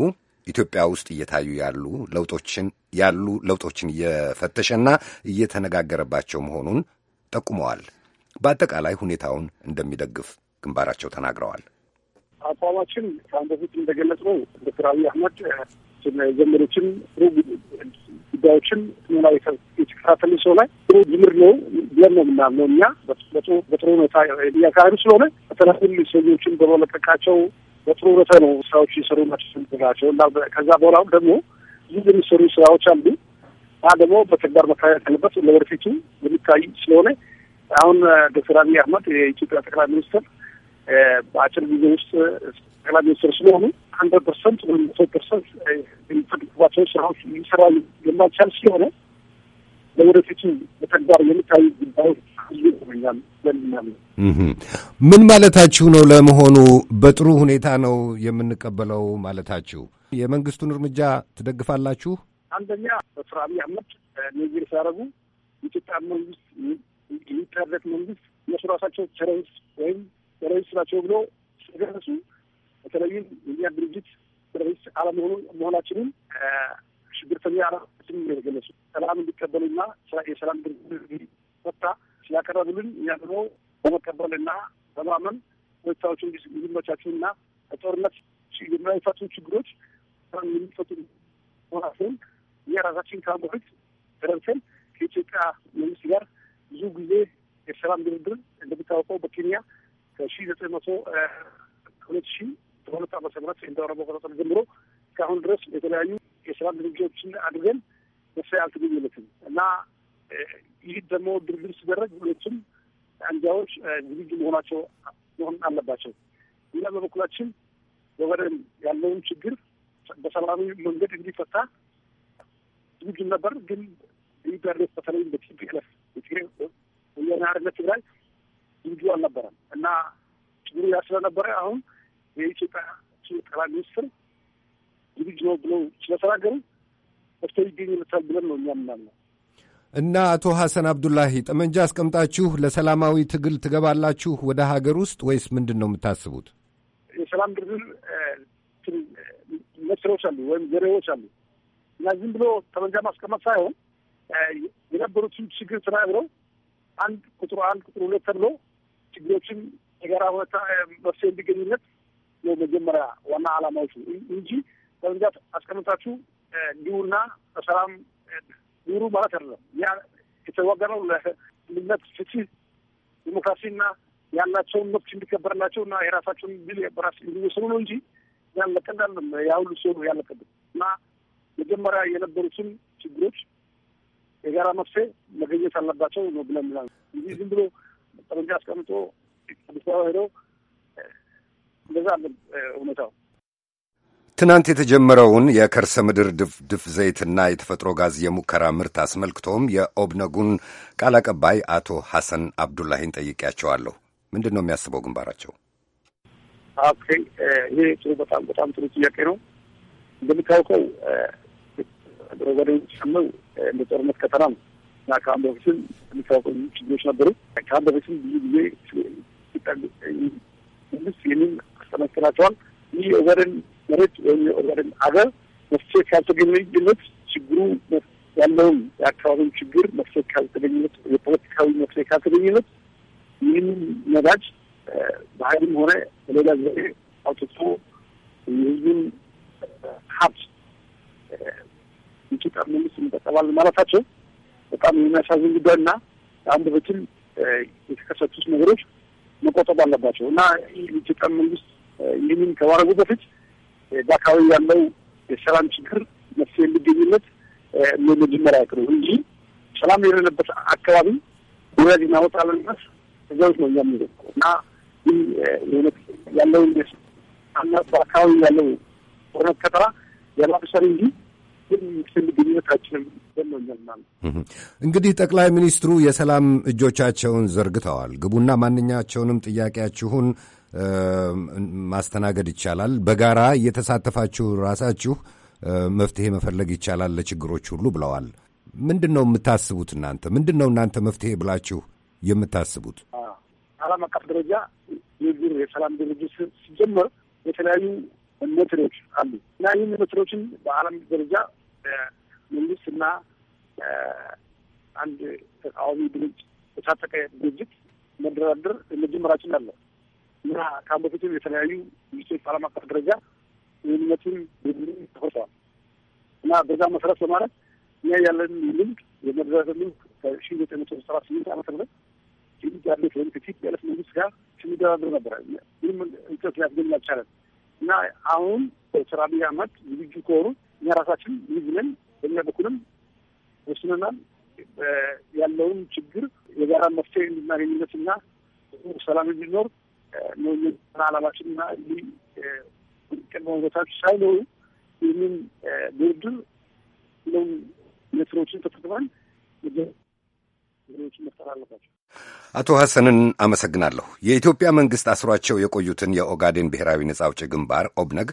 ኢትዮጵያ ውስጥ እየታዩ ያሉ ለውጦችን ያሉ ለውጦችን እየፈተሸና እየተነጋገረባቸው መሆኑን ጠቁመዋል። በአጠቃላይ ሁኔታውን እንደሚደግፍ ግንባራቸው ተናግረዋል። አቋማችን ከአንድ በፊት እንደገለጽ ነው ዶክተር አብይ አህመድ ዘመዶችን ጥሩ ጉዳዮችን ምናዊ የተከታተሉ ሰው ላይ ጥሩ ጅምር ነው ብለን ነው የምናምነው እኛ በጥሩ ሁኔታ እያካሄዱ ስለሆነ በተለያዩ ሰኞችን በመለቀቃቸው በጥሩ ሁኔታ ነው ስራዎች የሰሩ ናቸው እና ከዛ በኋላ ደግሞ ይህ የሚሰሩ ስራዎች አሉ አ ደግሞ በተግባር መታየት ያለበት ለወደፊቱ የሚታይ ስለሆነ አሁን ዶክተር አብይ አህመድ የኢትዮጵያ ጠቅላይ ሚኒስትር በአጭር ጊዜ ውስጥ ጠቅላይ ሚኒስትር ስለሆኑ ሀንድረድ ፐርሰንት ወይም መቶ ፐርሰንት የሚፈልግባቸው ስራዎች ሊሰራ የማይቻል ስለሆነ ለወደፊቱ በተግባር የሚታዩ ጉዳዮች ይሆኛል ለምናለ ምን ማለታችሁ ነው? ለመሆኑ በጥሩ ሁኔታ ነው የምንቀበለው ማለታችሁ የመንግስቱን እርምጃ ትደግፋላችሁ? አንደኛ በስራ አብይ አህመድ ንግግር ሲያደርጉ የኢትዮጵያ መንግስት የሚታደግ መንግስት እነሱ ራሳቸው ቴሮሪስት ወይም ቴሮሪስት ናቸው ብሎ ስለገለጹ በተለይም የኛ ድርጅት ቴሮሪስት አለመሆኑን መሆናችንን ሽብርተኛ አለመሆናችን የገለጹ ሰላም እንዲቀበሉና የሰላም ድርጅት ፈታ ስላቀረቡልን እኛ ደግሞ በመቀበልና በማመን ሁኔታዎቹ እንዲመቻቹና ጦርነት የማይፈቱ ችግሮች የሚፈቱ መሆናቸውን እኛ ራሳችን ከአሁን በፊት ከኢትዮጵያ መንግስት ጋር ብዙ ጊዜ የሰላም ድርድር እንደሚታወቀው በኬንያ ከሺ ዘጠኝ መቶ ሁለት ሺ በሁለት ዓመተ ምህረት እንደ አውሮፓ ቆጣጠር ጀምሮ ከአሁን ድረስ የተለያዩ የስራ ድርጅቶችን አድርገን መፍትሄ አልተገኘለትም እና ይህ ደግሞ ድርድር ሲደረግ ሁለቱም አንጃዎች ዝግጁ መሆናቸው መሆን አለባቸው። እኛ በበኩላችን በበደን ያለውን ችግር በሰላማዊ መንገድ እንዲፈታ ዝግጁ ነበር። ግን ይህ በተለይም በቲፒኤልፍ የትግራይ ወያነ ሓርነት ትግራይ ልዩ አልነበረም እና ችግሩ ያ ስለነበረ አሁን የኢትዮጵያ ጠቅላይ ሚኒስትር ዝግጅ ነው ብለው ስለተናገሩ ይገኝ ይገኝለታል ብለን ነው እኛ ምናምነው። እና አቶ ሐሰን አብዱላሂ ጠመንጃ አስቀምጣችሁ ለሰላማዊ ትግል ትገባላችሁ ወደ ሀገር ውስጥ ወይስ ምንድን ነው የምታስቡት? የሰላም ድርድር መስሮች አሉ ወይም ዘሬዎች አሉ እና ዝም ብሎ ጠመንጃ ማስቀመጥ ሳይሆን የነበሩትን ችግር ተናግረው አንድ ቁጥሩ አንድ ቁጥሩ ሁለት ተብሎ ችግሮችን የጋራ ሁኔታ መፍትሄ እንዲገኙለት ነው መጀመሪያ ዋና ዓላማዎቹ እንጂ ጠመንጃ አስቀምጣችሁ እንዲሁና በሰላም ኑሩ ማለት አይደለም። ያ የተዋገረው ለአንድነት፣ ፍትህ፣ ዲሞክራሲና ያላቸውን መብት እንዲከበርላቸው እና የራሳቸውን ቢል በራስ እንዲወስኑ ነው እንጂ ያለቀን አለም ያሁሉ ሲሆኑ ያለቀብን እና መጀመሪያ የነበሩትን ችግሮች የጋራ መፍትሄ መገኘት አለባቸው ነው ብለን እንጂ ዝም ብሎ ጠመንጃ አስቀምጦ አዲስ አበባ ሄደው እንደዛ እውነታው ትናንት የተጀመረውን የከርሰ ምድር ድፍድፍ ዘይትና የተፈጥሮ ጋዝ የሙከራ ምርት አስመልክቶም የኦብነጉን ቃል አቀባይ አቶ ሐሰን አብዱላሂን ጠይቄያቸዋለሁ። ምንድን ነው የሚያስበው ግንባራቸው? ይሄ ጥሩ በጣም በጣም ጥሩ ጥያቄ ነው። እንደሚታወቀው ወደ ጨምው እንደ ጦርነት ከተማ ነው Mesela Kandavas'ın mesela yaşına durup Kandavas'ın bilgi bilgi Muslimin ስነስርዓቷን ይህ ወገን መሬት ወይ ወገን አገር መፍትሄ ካልተገኘለት ችግሩ ያለውን የአካባቢውን ችግር መፍትሄ ካልተገኘለት የፖለቲካዊ መፍትሄ ካልተገኘለት ይህንን ነዳጅ በኃይልም ሆነ በሌላ ዘዴ አውጥቶ የህዝቡን ሀብት እንጭ ጠርሙስ እንጠቀማለን ማለታቸው በጣም የሚያሳዝን ጉዳይ እና አንድ በትል የተከሰቱት ነገሮች መቆጠብ አለባቸው እና የኢትዮጵያ መንግስት ይህንን ከማድረጉ በፊት በአካባቢ ያለው የሰላም ችግር መፍትሄ የሚገኝለት መጀመሪያ ያቅሩ እንጂ ሰላም የሌለበት አካባቢ ወያጅ እናወጣለን ነት እዛዎች ነው እኛ እና ይህ የእውነት ያለውን በአካባቢ ያለው ጦርነት ከጠራ የማብሰር እንጂ ስል ግንኙነታችንም ዘመኛል ማለት እንግዲህ ጠቅላይ ሚኒስትሩ የሰላም እጆቻቸውን ዘርግተዋል። ግቡና ማንኛቸውንም ጥያቄያችሁን ማስተናገድ ይቻላል፣ በጋራ እየተሳተፋችሁ ራሳችሁ መፍትሄ መፈለግ ይቻላል ለችግሮች ሁሉ ብለዋል። ምንድን ነው የምታስቡት እናንተ? ምንድን ነው እናንተ መፍትሄ ብላችሁ የምታስቡት? ዓለም አቀፍ ደረጃ የዚህ የሰላም ድርጅት ሲጀመር የተለያዩ መትሮች አሉ እና ይህን መትሮችን በዓለም ደረጃ በመንግስትና አንድ ተቃዋሚ ድርጅ የታጠቀ ድርጅት መደራደር መጀመራችን አለ እና ከአሁን በፊትም የተለያዩ ሚኒስቴር ዓለም አቀፍ ደረጃ ብድ ተፈርተዋል እና በዛ መሰረት በማለት እኛ ያለን ልምድ የመደራደር ልምድ ከሺ ዘጠኝ መቶ ሰባ ስምንት ዓመተ ምህረት ፊት ያለት ወይም ከፊት ያለት መንግስት ጋር ስንደራደር ነበረ። ምንም እንጨት ሊያስገኝ አልቻለም እና አሁን ስራ አብይ አህመድ ዝግጁ ከሆኑ እኛ ራሳችን ልዩ ነን። በእኛ በኩልም ወስነናል። ያለውን ችግር የጋራ መፍትሄ እንድናገኝነት እና ሰላም እንዲኖር ነው አላማችን እና እዚህ ቅድመ ሁኔታዎች ሳይኖሩ ይህንን ድርድር ሁሉም ሜትሮችን ተጠቅመን ነገሮችን መፍጠር አለባቸው። አቶ ሐሰንን አመሰግናለሁ። የኢትዮጵያ መንግሥት አስሯቸው የቆዩትን የኦጋዴን ብሔራዊ ነጻ አውጪ ግንባር ኦብነግ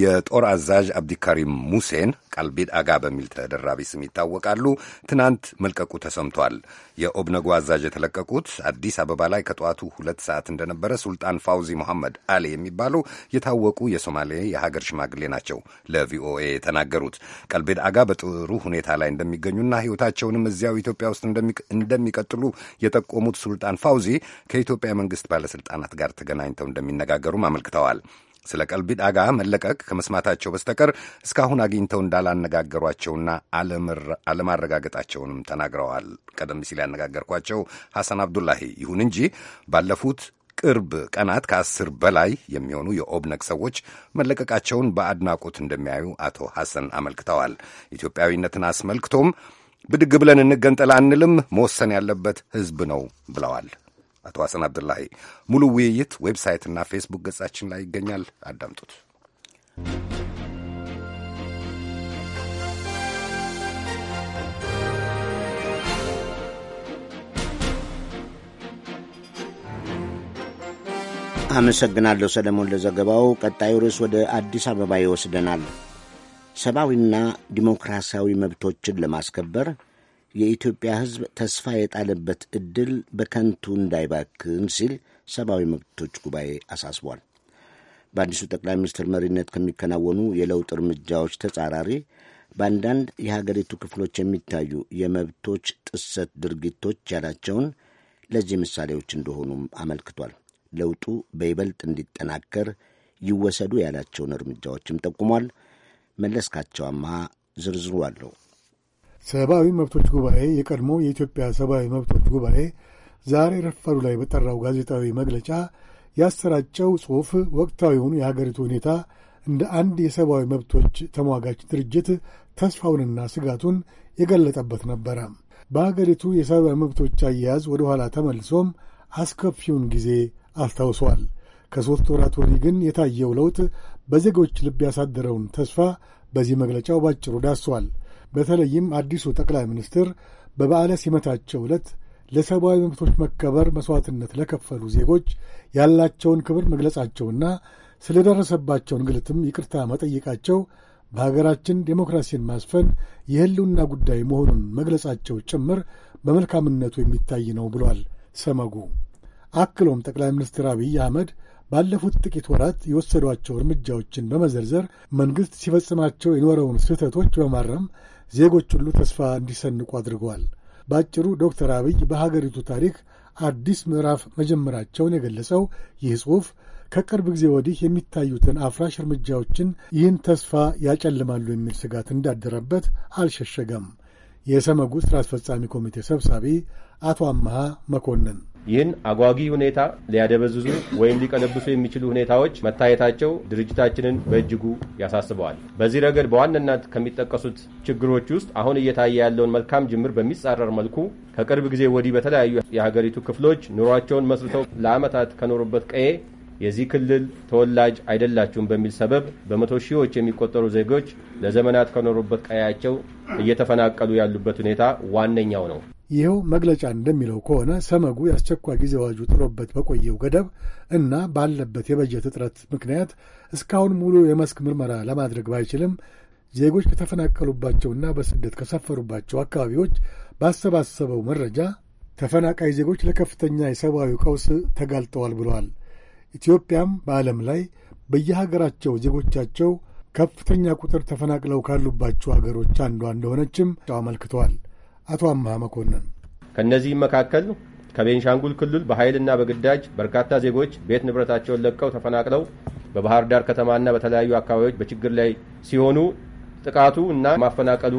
የጦር አዛዥ አብዲካሪም ሙሴን ቃልቤድ አጋ በሚል ተደራቢ ስም ይታወቃሉ፣ ትናንት መልቀቁ ተሰምቷል። የኦብነጉ አዛዥ የተለቀቁት አዲስ አበባ ላይ ከጠዋቱ ሁለት ሰዓት እንደነበረ ሱልጣን ፋውዚ መሐመድ አሌ የሚባሉ የታወቁ የሶማሌ የሀገር ሽማግሌ ናቸው ለቪኦኤ የተናገሩት። ቃልቤድ አጋ በጥሩ ሁኔታ ላይ እንደሚገኙና ሕይወታቸውንም እዚያው ኢትዮጵያ ውስጥ እንደሚቀጥሉ የጠቆሙት ሱልጣን ፋውዚ ከኢትዮጵያ መንግሥት ባለሥልጣናት ጋር ተገናኝተው እንደሚነጋገሩም አመልክተዋል። ስለ ቀልቢ ዳጋ መለቀቅ ከመስማታቸው በስተቀር እስካሁን አግኝተው እንዳላነጋገሯቸውና አለማረጋገጣቸውንም ተናግረዋል። ቀደም ሲል ያነጋገርኳቸው ሐሰን አብዱላሂ። ይሁን እንጂ ባለፉት ቅርብ ቀናት ከአስር በላይ የሚሆኑ የኦብነግ ሰዎች መለቀቃቸውን በአድናቆት እንደሚያዩ አቶ ሐሰን አመልክተዋል። ኢትዮጵያዊነትን አስመልክቶም ብድግ ብለን እንገንጠል አንልም፣ መወሰን ያለበት ህዝብ ነው ብለዋል አቶ ሐሰን አብዱላሂ። ሙሉ ውይይት ዌብሳይትና ፌስቡክ ገጻችን ላይ ይገኛል። አዳምጡት። አመሰግናለሁ ሰለሞን ለዘገባው። ቀጣዩ ርዕስ ወደ አዲስ አበባ ይወስደናል። ሰብአዊና ዲሞክራሲያዊ መብቶችን ለማስከበር የኢትዮጵያ ሕዝብ ተስፋ የጣለበት ዕድል በከንቱ እንዳይባክን ሲል ሰብአዊ መብቶች ጉባኤ አሳስቧል። በአዲሱ ጠቅላይ ሚኒስትር መሪነት ከሚከናወኑ የለውጥ እርምጃዎች ተጻራሪ በአንዳንድ የሀገሪቱ ክፍሎች የሚታዩ የመብቶች ጥሰት ድርጊቶች ያላቸውን ለዚህ ምሳሌዎች እንደሆኑም አመልክቷል። ለውጡ በይበልጥ እንዲጠናከር ይወሰዱ ያላቸውን እርምጃዎችም ጠቁሟል። መለስካቸው አምሃ ዝርዝሩ አለው። ሰብአዊ መብቶች ጉባኤ የቀድሞ የኢትዮጵያ ሰብአዊ መብቶች ጉባኤ ዛሬ ረፋዱ ላይ በጠራው ጋዜጣዊ መግለጫ ያሰራጨው ጽሑፍ ወቅታዊውን የሀገሪቱ ሁኔታ እንደ አንድ የሰብአዊ መብቶች ተሟጋች ድርጅት ተስፋውንና ስጋቱን የገለጠበት ነበረ። በሀገሪቱ የሰብአዊ መብቶች አያያዝ ወደ ኋላ ተመልሶም አስከፊውን ጊዜ አስታውሷል። ከሦስት ወራት ወዲህ ግን የታየው ለውጥ በዜጎች ልብ ያሳደረውን ተስፋ በዚህ መግለጫው ባጭሩ ዳሷል። በተለይም አዲሱ ጠቅላይ ሚኒስትር በበዓለ ሲመታቸው ዕለት ለሰብአዊ መብቶች መከበር መሥዋዕትነት ለከፈሉ ዜጎች ያላቸውን ክብር መግለጻቸውና ስለ ደረሰባቸው እንግልትም ይቅርታ መጠየቃቸው በሀገራችን ዴሞክራሲን ማስፈን የህልውና ጉዳይ መሆኑን መግለጻቸው ጭምር በመልካምነቱ የሚታይ ነው ብሏል ሰመጉ። አክሎም ጠቅላይ ሚኒስትር አብይ አህመድ ባለፉት ጥቂት ወራት የወሰዷቸው እርምጃዎችን በመዘርዘር መንግሥት ሲፈጽማቸው የኖረውን ስህተቶች በማረም ዜጎች ሁሉ ተስፋ እንዲሰንቁ አድርገዋል። በአጭሩ ዶክተር አብይ በሀገሪቱ ታሪክ አዲስ ምዕራፍ መጀመራቸውን የገለጸው ይህ ጽሑፍ ከቅርብ ጊዜ ወዲህ የሚታዩትን አፍራሽ እርምጃዎችን ይህን ተስፋ ያጨልማሉ የሚል ስጋት እንዳደረበት አልሸሸገም። የሰመጉ ሥራ አስፈጻሚ ኮሚቴ ሰብሳቢ አቶ አመሃ መኮንን ይህን አጓጊ ሁኔታ ሊያደበዝዙ ወይም ሊቀለብሱ የሚችሉ ሁኔታዎች መታየታቸው ድርጅታችንን በእጅጉ ያሳስበዋል። በዚህ ረገድ በዋናነት ከሚጠቀሱት ችግሮች ውስጥ አሁን እየታየ ያለውን መልካም ጅምር በሚጻረር መልኩ ከቅርብ ጊዜ ወዲህ በተለያዩ የሀገሪቱ ክፍሎች ኑሯቸውን መስርተው ለዓመታት ከኖሩበት ቀዬ የዚህ ክልል ተወላጅ አይደላችሁም በሚል ሰበብ በመቶ ሺዎች የሚቆጠሩ ዜጎች ለዘመናት ከኖሩበት ቀያቸው እየተፈናቀሉ ያሉበት ሁኔታ ዋነኛው ነው። ይኸው መግለጫ እንደሚለው ከሆነ ሰመጉ የአስቸኳይ ጊዜ አዋጁ ጥሎበት በቆየው ገደብ እና ባለበት የበጀት እጥረት ምክንያት እስካሁን ሙሉ የመስክ ምርመራ ለማድረግ ባይችልም ዜጎች ከተፈናቀሉባቸውና በስደት ከሰፈሩባቸው አካባቢዎች ባሰባሰበው መረጃ ተፈናቃይ ዜጎች ለከፍተኛ የሰብአዊ ቀውስ ተጋልጠዋል ብለዋል። ኢትዮጵያም በዓለም ላይ በየሀገራቸው ዜጎቻቸው ከፍተኛ ቁጥር ተፈናቅለው ካሉባቸው አገሮች አንዷ እንደሆነችም አመልክተዋል። አቶ አምሃ መኮንን ከእነዚህም መካከል ከቤንሻንጉል ክልል በኃይልና በግዳጅ በርካታ ዜጎች ቤት ንብረታቸውን ለቀው ተፈናቅለው በባህር ዳር ከተማና በተለያዩ አካባቢዎች በችግር ላይ ሲሆኑ ጥቃቱ እና ማፈናቀሉ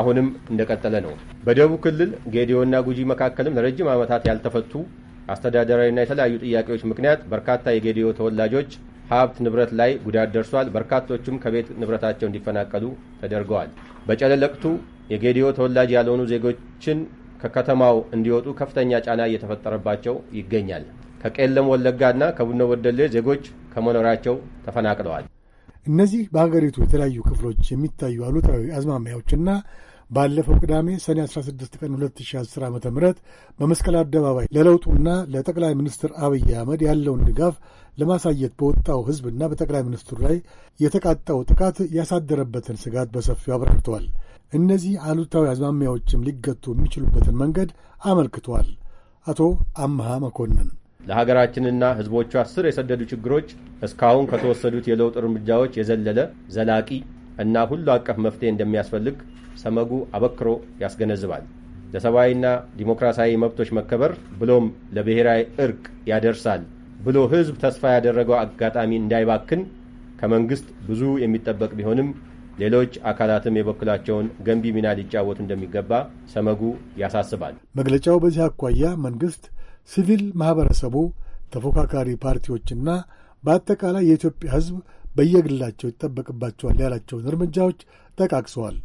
አሁንም እንደቀጠለ ነው። በደቡብ ክልል ጌዲዮና ጉጂ መካከልም ለረጅም ዓመታት ያልተፈቱ አስተዳደራዊና የተለያዩ ጥያቄዎች ምክንያት በርካታ የጌዲዮ ተወላጆች ሀብት ንብረት ላይ ጉዳት ደርሷል። በርካቶችም ከቤት ንብረታቸው እንዲፈናቀሉ ተደርገዋል። በጨለለቅቱ የጌዲዮ ተወላጅ ያልሆኑ ዜጎችን ከከተማው እንዲወጡ ከፍተኛ ጫና እየተፈጠረባቸው ይገኛል። ከቄለም ወለጋና ከቡኖ ወደሌ ዜጎች ከመኖሪያቸው ተፈናቅለዋል። እነዚህ በሀገሪቱ የተለያዩ ክፍሎች የሚታዩ አሉታዊ አዝማሚያዎችና ባለፈው ቅዳሜ ሰኔ 16 ቀን 2010 ዓ ም በመስቀል አደባባይ ለለውጡና ለጠቅላይ ሚኒስትር አብይ አህመድ ያለውን ድጋፍ ለማሳየት በወጣው ሕዝብና በጠቅላይ ሚኒስትሩ ላይ የተቃጣው ጥቃት ያሳደረበትን ስጋት በሰፊው አብራርተዋል። እነዚህ አሉታዊ አዝማሚያዎችም ሊገቱ የሚችሉበትን መንገድ አመልክቷል። አቶ አምሃ መኮንን ለሀገራችንና ሕዝቦቿ ስር የሰደዱ ችግሮች እስካሁን ከተወሰዱት የለውጥ እርምጃዎች የዘለለ ዘላቂ እና ሁሉ አቀፍ መፍትሄ እንደሚያስፈልግ ሰመጉ አበክሮ ያስገነዝባል። ለሰብአዊና ዲሞክራሲያዊ መብቶች መከበር ብሎም ለብሔራዊ እርቅ ያደርሳል ብሎ ሕዝብ ተስፋ ያደረገው አጋጣሚ እንዳይባክን ከመንግስት ብዙ የሚጠበቅ ቢሆንም ሌሎች አካላትም የበኩላቸውን ገንቢ ሚና ሊጫወቱ እንደሚገባ ሰመጉ ያሳስባል። መግለጫው በዚህ አኳያ መንግሥት፣ ሲቪል ማኅበረሰቡ፣ ተፎካካሪ ፓርቲዎችና በአጠቃላይ የኢትዮጵያ ሕዝብ በየግላቸው ይጠበቅባቸዋል ያላቸውን እርምጃዎች ጠቃቅሰዋል።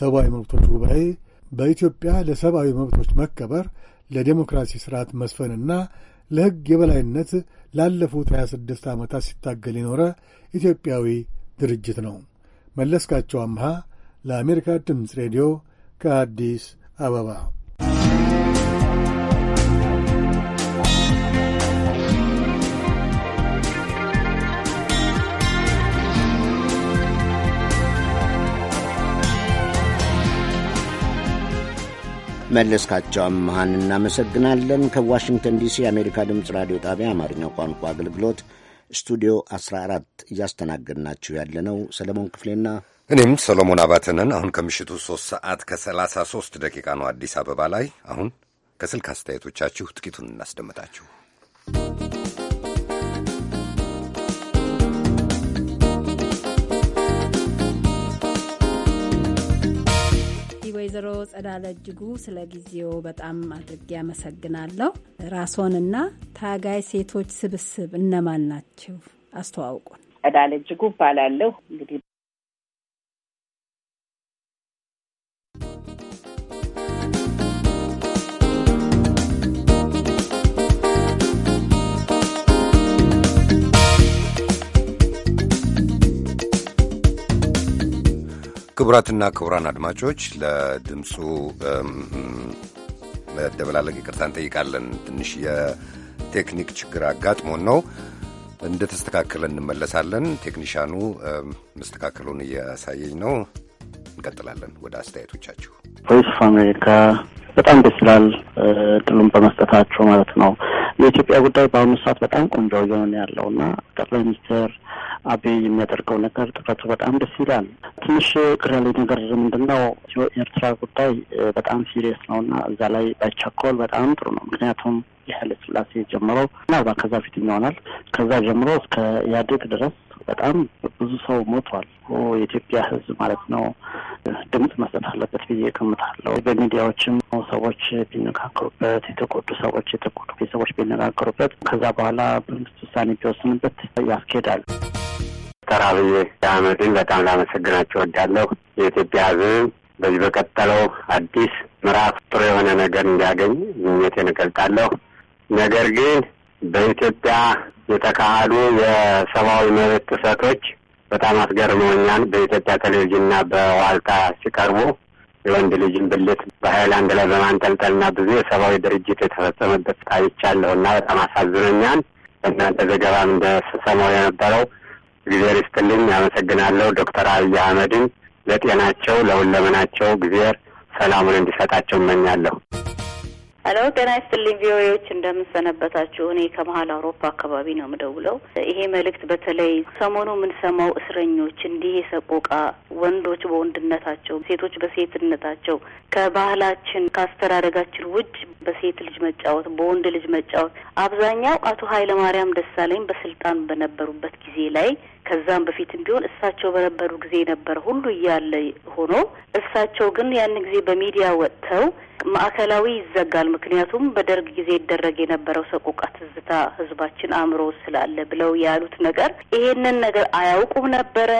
ሰብአዊ መብቶች ጉባኤ በኢትዮጵያ ለሰብአዊ መብቶች መከበር ለዴሞክራሲ ሥርዓት መስፈንና ለሕግ የበላይነት ላለፉት 26 ዓመታት ሲታገል የኖረ ኢትዮጵያዊ ድርጅት ነው። መለስካቸው አምሃ ለአሜሪካ ድምፅ ሬዲዮ ከአዲስ አበባ መለስካቸው አምሃን እናመሰግናለን። ከዋሽንግተን ዲሲ የአሜሪካ ድምፅ ራዲዮ ጣቢያ አማርኛው ቋንቋ አገልግሎት ስቱዲዮ 14 እያስተናገድናችሁ ያለነው ሰለሞን ክፍሌና እኔም ሰሎሞን አባተንን። አሁን ከምሽቱ 3 ሰዓት ከ33 ደቂቃ ነው አዲስ አበባ ላይ። አሁን ከስልክ አስተያየቶቻችሁ ጥቂቱን እናስደምጣችሁ። ወይዘሮ ጸዳለ እጅጉ ስለ ጊዜው በጣም አድርጌ አመሰግናለሁ። ራስዎንና ታጋይ ሴቶች ስብስብ እነማን ናቸው? አስተዋውቁን። ጸዳለ እጅጉ እባላለሁ። እንግዲህ ክቡራትና ክቡራን አድማጮች ለድምፁ መደበላለቅ ይቅርታ እንጠይቃለን። ትንሽ የቴክኒክ ችግር አጋጥሞን ነው። እንደተስተካከለ እንመለሳለን። ቴክኒሻኑ መስተካከሉን እያሳየኝ ነው። እንቀጥላለን ወደ አስተያየቶቻችሁ። ቮይስ ኦፍ አሜሪካ በጣም ደስ ይላል እድሉን በመስጠታቸው ማለት ነው። የኢትዮጵያ ጉዳይ በአሁኑ ሰዓት በጣም ቆንጆ እየሆነ ያለው እና ጠቅላይ ሚኒስትር አብይ የሚያደርገው ነገር ጥረቱ በጣም ደስ ይላል። ትንሽ ቅር ያለኝ ነገር ምንድን ነው የኤርትራ ጉዳይ በጣም ሲሪየስ ነው እና እዛ ላይ ባይቻኮል በጣም ጥሩ ነው። ምክንያቱም የኃይለ ሥላሴ ጀምሮ ምናልባት ከዛ ፊት ይሆናል ከዛ ጀምሮ እስከ ኢህአዴግ ድረስ በጣም ብዙ ሰው ሞቷል። የኢትዮጵያ ሕዝብ ማለት ነው ድምጽ መስጠት አለበት ብዬ እገምታለሁ። በሚዲያዎችም ሰዎች ቢነጋገሩበት፣ የተጎዱ ሰዎች የተጎዱ ቤተሰቦች ቢነጋገሩበት፣ ከዛ በኋላ መንግስት ውሳኔ ቢወስንበት ያስኬዳል። ዶክተር አህመድን በጣም ላመሰግናቸው እወዳለሁ። የኢትዮጵያ ሕዝብ በዚህ በቀጠለው አዲስ ምዕራፍ ጥሩ የሆነ ነገር እንዲያገኝ ምኞቴን እገልጣለሁ። ነገር ግን በኢትዮጵያ የተካሄዱ የሰብአዊ መብት ጥሰቶች በጣም አስገርመውኛል። በኢትዮጵያ ቴሌቪዥንና በዋልታ ሲቀርቡ የወንድ ልጅን ብልት በሀይላንድ ላይ በማንጠልጠልና ብዙ የሰብአዊ ድርጅት የተፈጸመበት ታይቻለሁ እና በጣም አሳዝኖኛል። በእናንተ ዘገባም እንደሰማው የነበረው እግዜር ይስጥልኝ፣ አመሰግናለሁ። ዶክተር አብይ አህመድን ለጤናቸው ለሁለመናቸው እግዜር ሰላሙን እንዲሰጣቸው እመኛለሁ። አሎ ጤና ይስጥልኝ ቪኦኤዎች፣ እንደምንሰነበታችሁ። እኔ ከመሀል አውሮፓ አካባቢ ነው የምደውለው። ይሄ መልእክት በተለይ ሰሞኑ የምንሰማው እስረኞች እንዲህ የሰቆቃ ወንዶች በወንድነታቸው፣ ሴቶች በሴትነታቸው ከባህላችን ካስተዳደጋችን ውጭ በሴት ልጅ መጫወት፣ በወንድ ልጅ መጫወት አብዛኛው አቶ ኃይለ ማርያም ደሳለኝ በስልጣን በነበሩበት ጊዜ ላይ ከዛም በፊትም ቢሆን እሳቸው በነበሩ ጊዜ ነበር ሁሉ እያለ ሆኖ እሳቸው ግን ያን ጊዜ በሚዲያ ወጥተው ማዕከላዊ ይዘጋል፣ ምክንያቱም በደርግ ጊዜ ይደረግ የነበረው ሰቆቃ ትዝታ ህዝባችን አእምሮ ስላለ ብለው ያሉት ነገር ይሄንን ነገር አያውቁም ነበረ።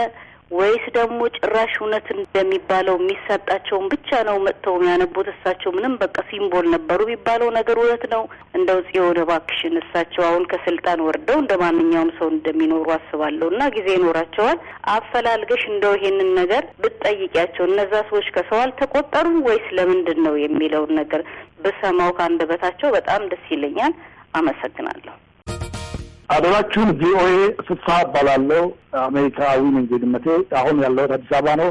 ወይስ ደግሞ ጭራሽ እውነት እንደሚባለው የሚሰጣቸውን ብቻ ነው መጥተው የሚያነቡት? እሳቸው ምንም በቃ ሲምቦል ነበሩ የሚባለው ነገር እውነት ነው? እንደው ጽዮን እባክሽን፣ እሳቸው አሁን ከስልጣን ወርደው እንደ ማንኛውም ሰው እንደሚኖሩ አስባለሁ እና ጊዜ ይኖራቸዋል። አፈላልገሽ እንደው ይሄንን ነገር ብትጠይቂያቸው እነዛ ሰዎች ከሰው አልተቆጠሩም ወይስ ለምንድን ነው የሚለውን ነገር ብሰማው ከአንደበታቸው በጣም ደስ ይለኛል። አመሰግናለሁ። አደራችሁን ቪኦኤ ፍስሀ እባላለሁ። አሜሪካዊ ነኝ ዜግነቴ። አሁን ያለሁት አዲስ አበባ ነው።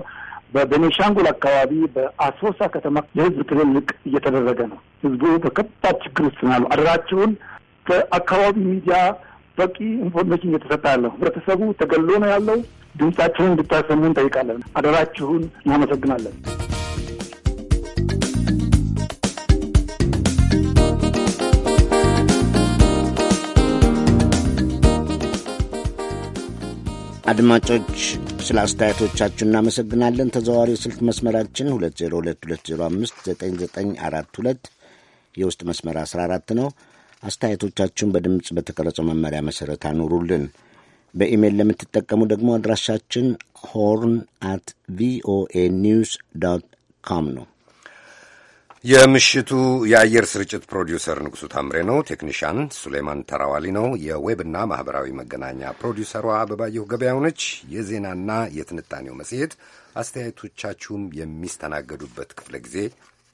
በቤኒሻንጉል አካባቢ በአሶሳ ከተማ የህዝብ ትልልቅ እየተደረገ ነው። ህዝቡ በከባድ ችግር ውስጥ ናሉ። አደራችሁን ከአካባቢ ሚዲያ በቂ ኢንፎርሜሽን እየተሰጠ ያለው ህብረተሰቡ ተገሎ ነው ያለው። ድምጻችሁን እንድታሰሙ እንጠይቃለን። አደራችሁን። እናመሰግናለን። አድማጮች ስለ አስተያየቶቻችሁ እናመሰግናለን። ተዘዋዋሪው ስልክ መስመራችን 2022059942 የውስጥ መስመር 14 ነው። አስተያየቶቻችሁን በድምፅ በተቀረጸው መመሪያ መሠረት አኑሩልን። በኢሜይል ለምትጠቀሙ ደግሞ አድራሻችን ሆርን አት ቪኦኤ ኒውስ ዶት ኮም ነው። የምሽቱ የአየር ስርጭት ፕሮዲውሰር ንጉሱ ታምሬ ነው። ቴክኒሻን ሱሌማን ተራዋሊ ነው። የዌብና ማኅበራዊ መገናኛ ፕሮዲውሰሯ አበባየሁ ገበያው ነች። የዜናና የትንታኔው መጽሔት አስተያየቶቻችሁም የሚስተናገዱበት ክፍለ ጊዜ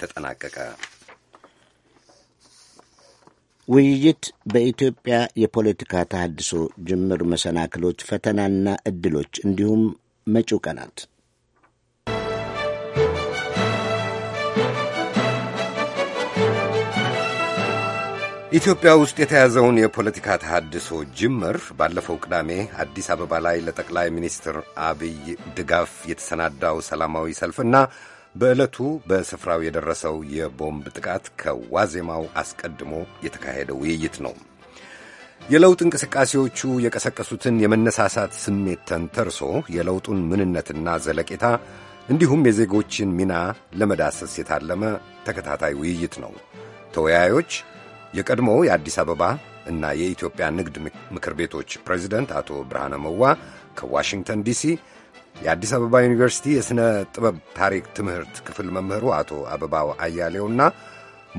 ተጠናቀቀ። ውይይት በኢትዮጵያ የፖለቲካ ተሃድሶ ጅምር መሰናክሎች፣ ፈተናና እድሎች እንዲሁም መጪው ቀናት ኢትዮጵያ ውስጥ የተያዘውን የፖለቲካ ተሃድሶ ጅምር ባለፈው ቅዳሜ አዲስ አበባ ላይ ለጠቅላይ ሚኒስትር አብይ ድጋፍ የተሰናዳው ሰላማዊ ሰልፍና በዕለቱ በስፍራው የደረሰው የቦምብ ጥቃት ከዋዜማው አስቀድሞ የተካሄደ ውይይት ነው። የለውጥ እንቅስቃሴዎቹ የቀሰቀሱትን የመነሳሳት ስሜት ተንተርሶ የለውጡን ምንነትና ዘለቄታ እንዲሁም የዜጎችን ሚና ለመዳሰስ የታለመ ተከታታይ ውይይት ነው። ተወያዮች የቀድሞ የአዲስ አበባ እና የኢትዮጵያ ንግድ ምክር ቤቶች ፕሬዚደንት አቶ ብርሃነ መዋ ከዋሽንግተን ዲሲ የአዲስ አበባ ዩኒቨርሲቲ የሥነ ጥበብ ታሪክ ትምህርት ክፍል መምህሩ አቶ አበባው አያሌውና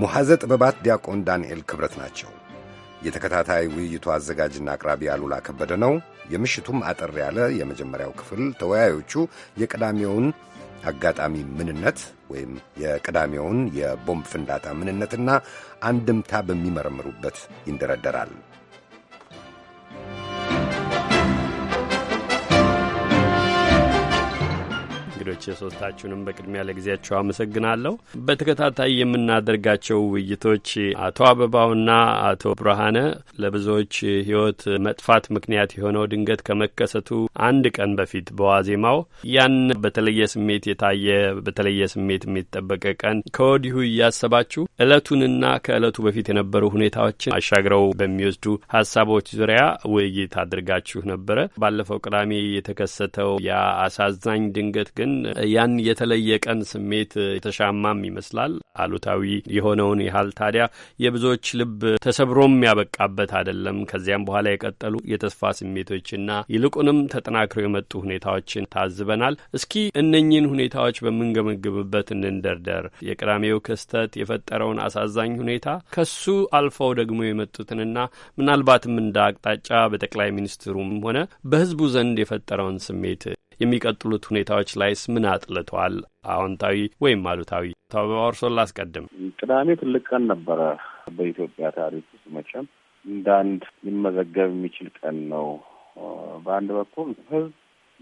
ሙሐዘ ጥበባት ዲያቆን ዳንኤል ክብረት ናቸው። የተከታታይ ውይይቱ አዘጋጅና አቅራቢ አሉላ ከበደ ነው። የምሽቱም አጠር ያለ የመጀመሪያው ክፍል ተወያዮቹ የቀዳሚውን አጋጣሚ ምንነት ወይም የቅዳሜውን የቦምብ ፍንዳታ ምንነትና አንድምታ በሚመረምሩበት ይንደረደራል። እንግዶች የሶስታችሁንም በቅድሚያ ለጊዜያቸው አመሰግናለሁ። በተከታታይ የምናደርጋቸው ውይይቶች አቶ አበባውና አቶ ብርሃነ ለብዙዎች ሕይወት መጥፋት ምክንያት የሆነው ድንገት ከመከሰቱ አንድ ቀን በፊት በዋዜማው ያን በተለየ ስሜት የታየ በተለየ ስሜት የሚጠበቀ ቀን ከወዲሁ እያሰባችሁ እለቱንና ከእለቱ በፊት የነበሩ ሁኔታዎችን አሻግረው በሚወስዱ ሀሳቦች ዙሪያ ውይይት አድርጋችሁ ነበረ። ባለፈው ቅዳሜ የተከሰተው ያ አሳዛኝ ድንገት ግን ያን የተለየ ቀን ስሜት የተሻማም ይመስላል። አሉታዊ የሆነውን ያህል ታዲያ የብዙዎች ልብ ተሰብሮም ያበቃበት አይደለም። ከዚያም በኋላ የቀጠሉ የተስፋ ስሜቶችና ይልቁንም ተጠናክረው የመጡ ሁኔታዎችን ታዝበናል። እስኪ እነኚህን ሁኔታዎች በምንገመግምበት እንንደርደር። የቅዳሜው ክስተት የፈጠረውን አሳዛኝ ሁኔታ ከሱ አልፈው ደግሞ የመጡትንና ምናልባትም እንደ አቅጣጫ በጠቅላይ ሚኒስትሩም ሆነ በህዝቡ ዘንድ የፈጠረውን ስሜት የሚቀጥሉት ሁኔታዎች ላይስ ምን አጥልቷል? አዎንታዊ ወይም አሉታዊ? ተበባ እርሶን ላስቀድም። ቅዳሜ ትልቅ ቀን ነበረ በኢትዮጵያ ታሪክ ውስጥ መቼም አንድ ሊመዘገብ የሚችል ቀን ነው። በአንድ በኩል ህዝብ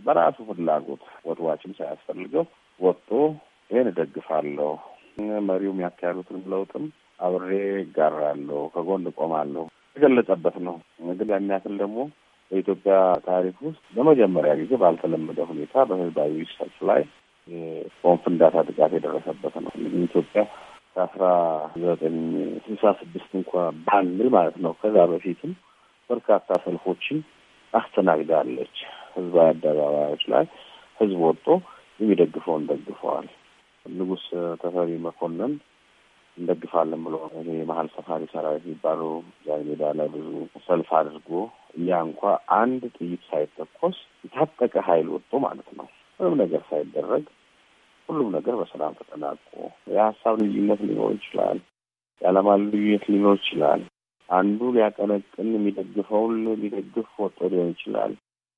በራሱ ፍላጎት ወትዋችም ሳያስፈልገው ወጥቶ ይህን እደግፋለሁ፣ መሪውም ያካሄዱትን ለውጥም አብሬ እጋራለሁ፣ ከጎን እቆማለሁ የገለጸበት ነው። ግን ያን ያክል ደግሞ በኢትዮጵያ ታሪክ ውስጥ ለመጀመሪያ ጊዜ ባልተለመደ ሁኔታ በህዝባዊ ሰልፍ ላይ የቦምብ ፍንዳታ ጥቃት የደረሰበት ነው። እንግዲህ ኢትዮጵያ ከአስራ ዘጠኝ ስልሳ ስድስት እንኳ ባንል ማለት ነው። ከዛ በፊትም በርካታ ሰልፎችን አስተናግዳለች። ህዝባዊ አደባባዮች ላይ ህዝብ ወጥቶ የሚደግፈውን ደግፈዋል። ንጉሥ ተፈሪ መኮንን እንደግፋለን ብሎ ይሄ መሀል ሰፋሪ ሰራዊት የሚባለው ዛይ ሜዳ ላይ ብዙ ሰልፍ አድርጎ ያ እንኳ አንድ ጥይት ሳይተኮስ የታጠቀ ኃይል ወጥቶ ማለት ነው ምንም ነገር ሳይደረግ ሁሉም ነገር በሰላም ተጠናቆ የሀሳብ ልዩነት ሊኖር ይችላል። የዓላማ ልዩነት ሊኖር ይችላል። አንዱ ሊያቀነቅን የሚደግፈውን ሊደግፍ ወጥቶ ሊሆን ይችላል።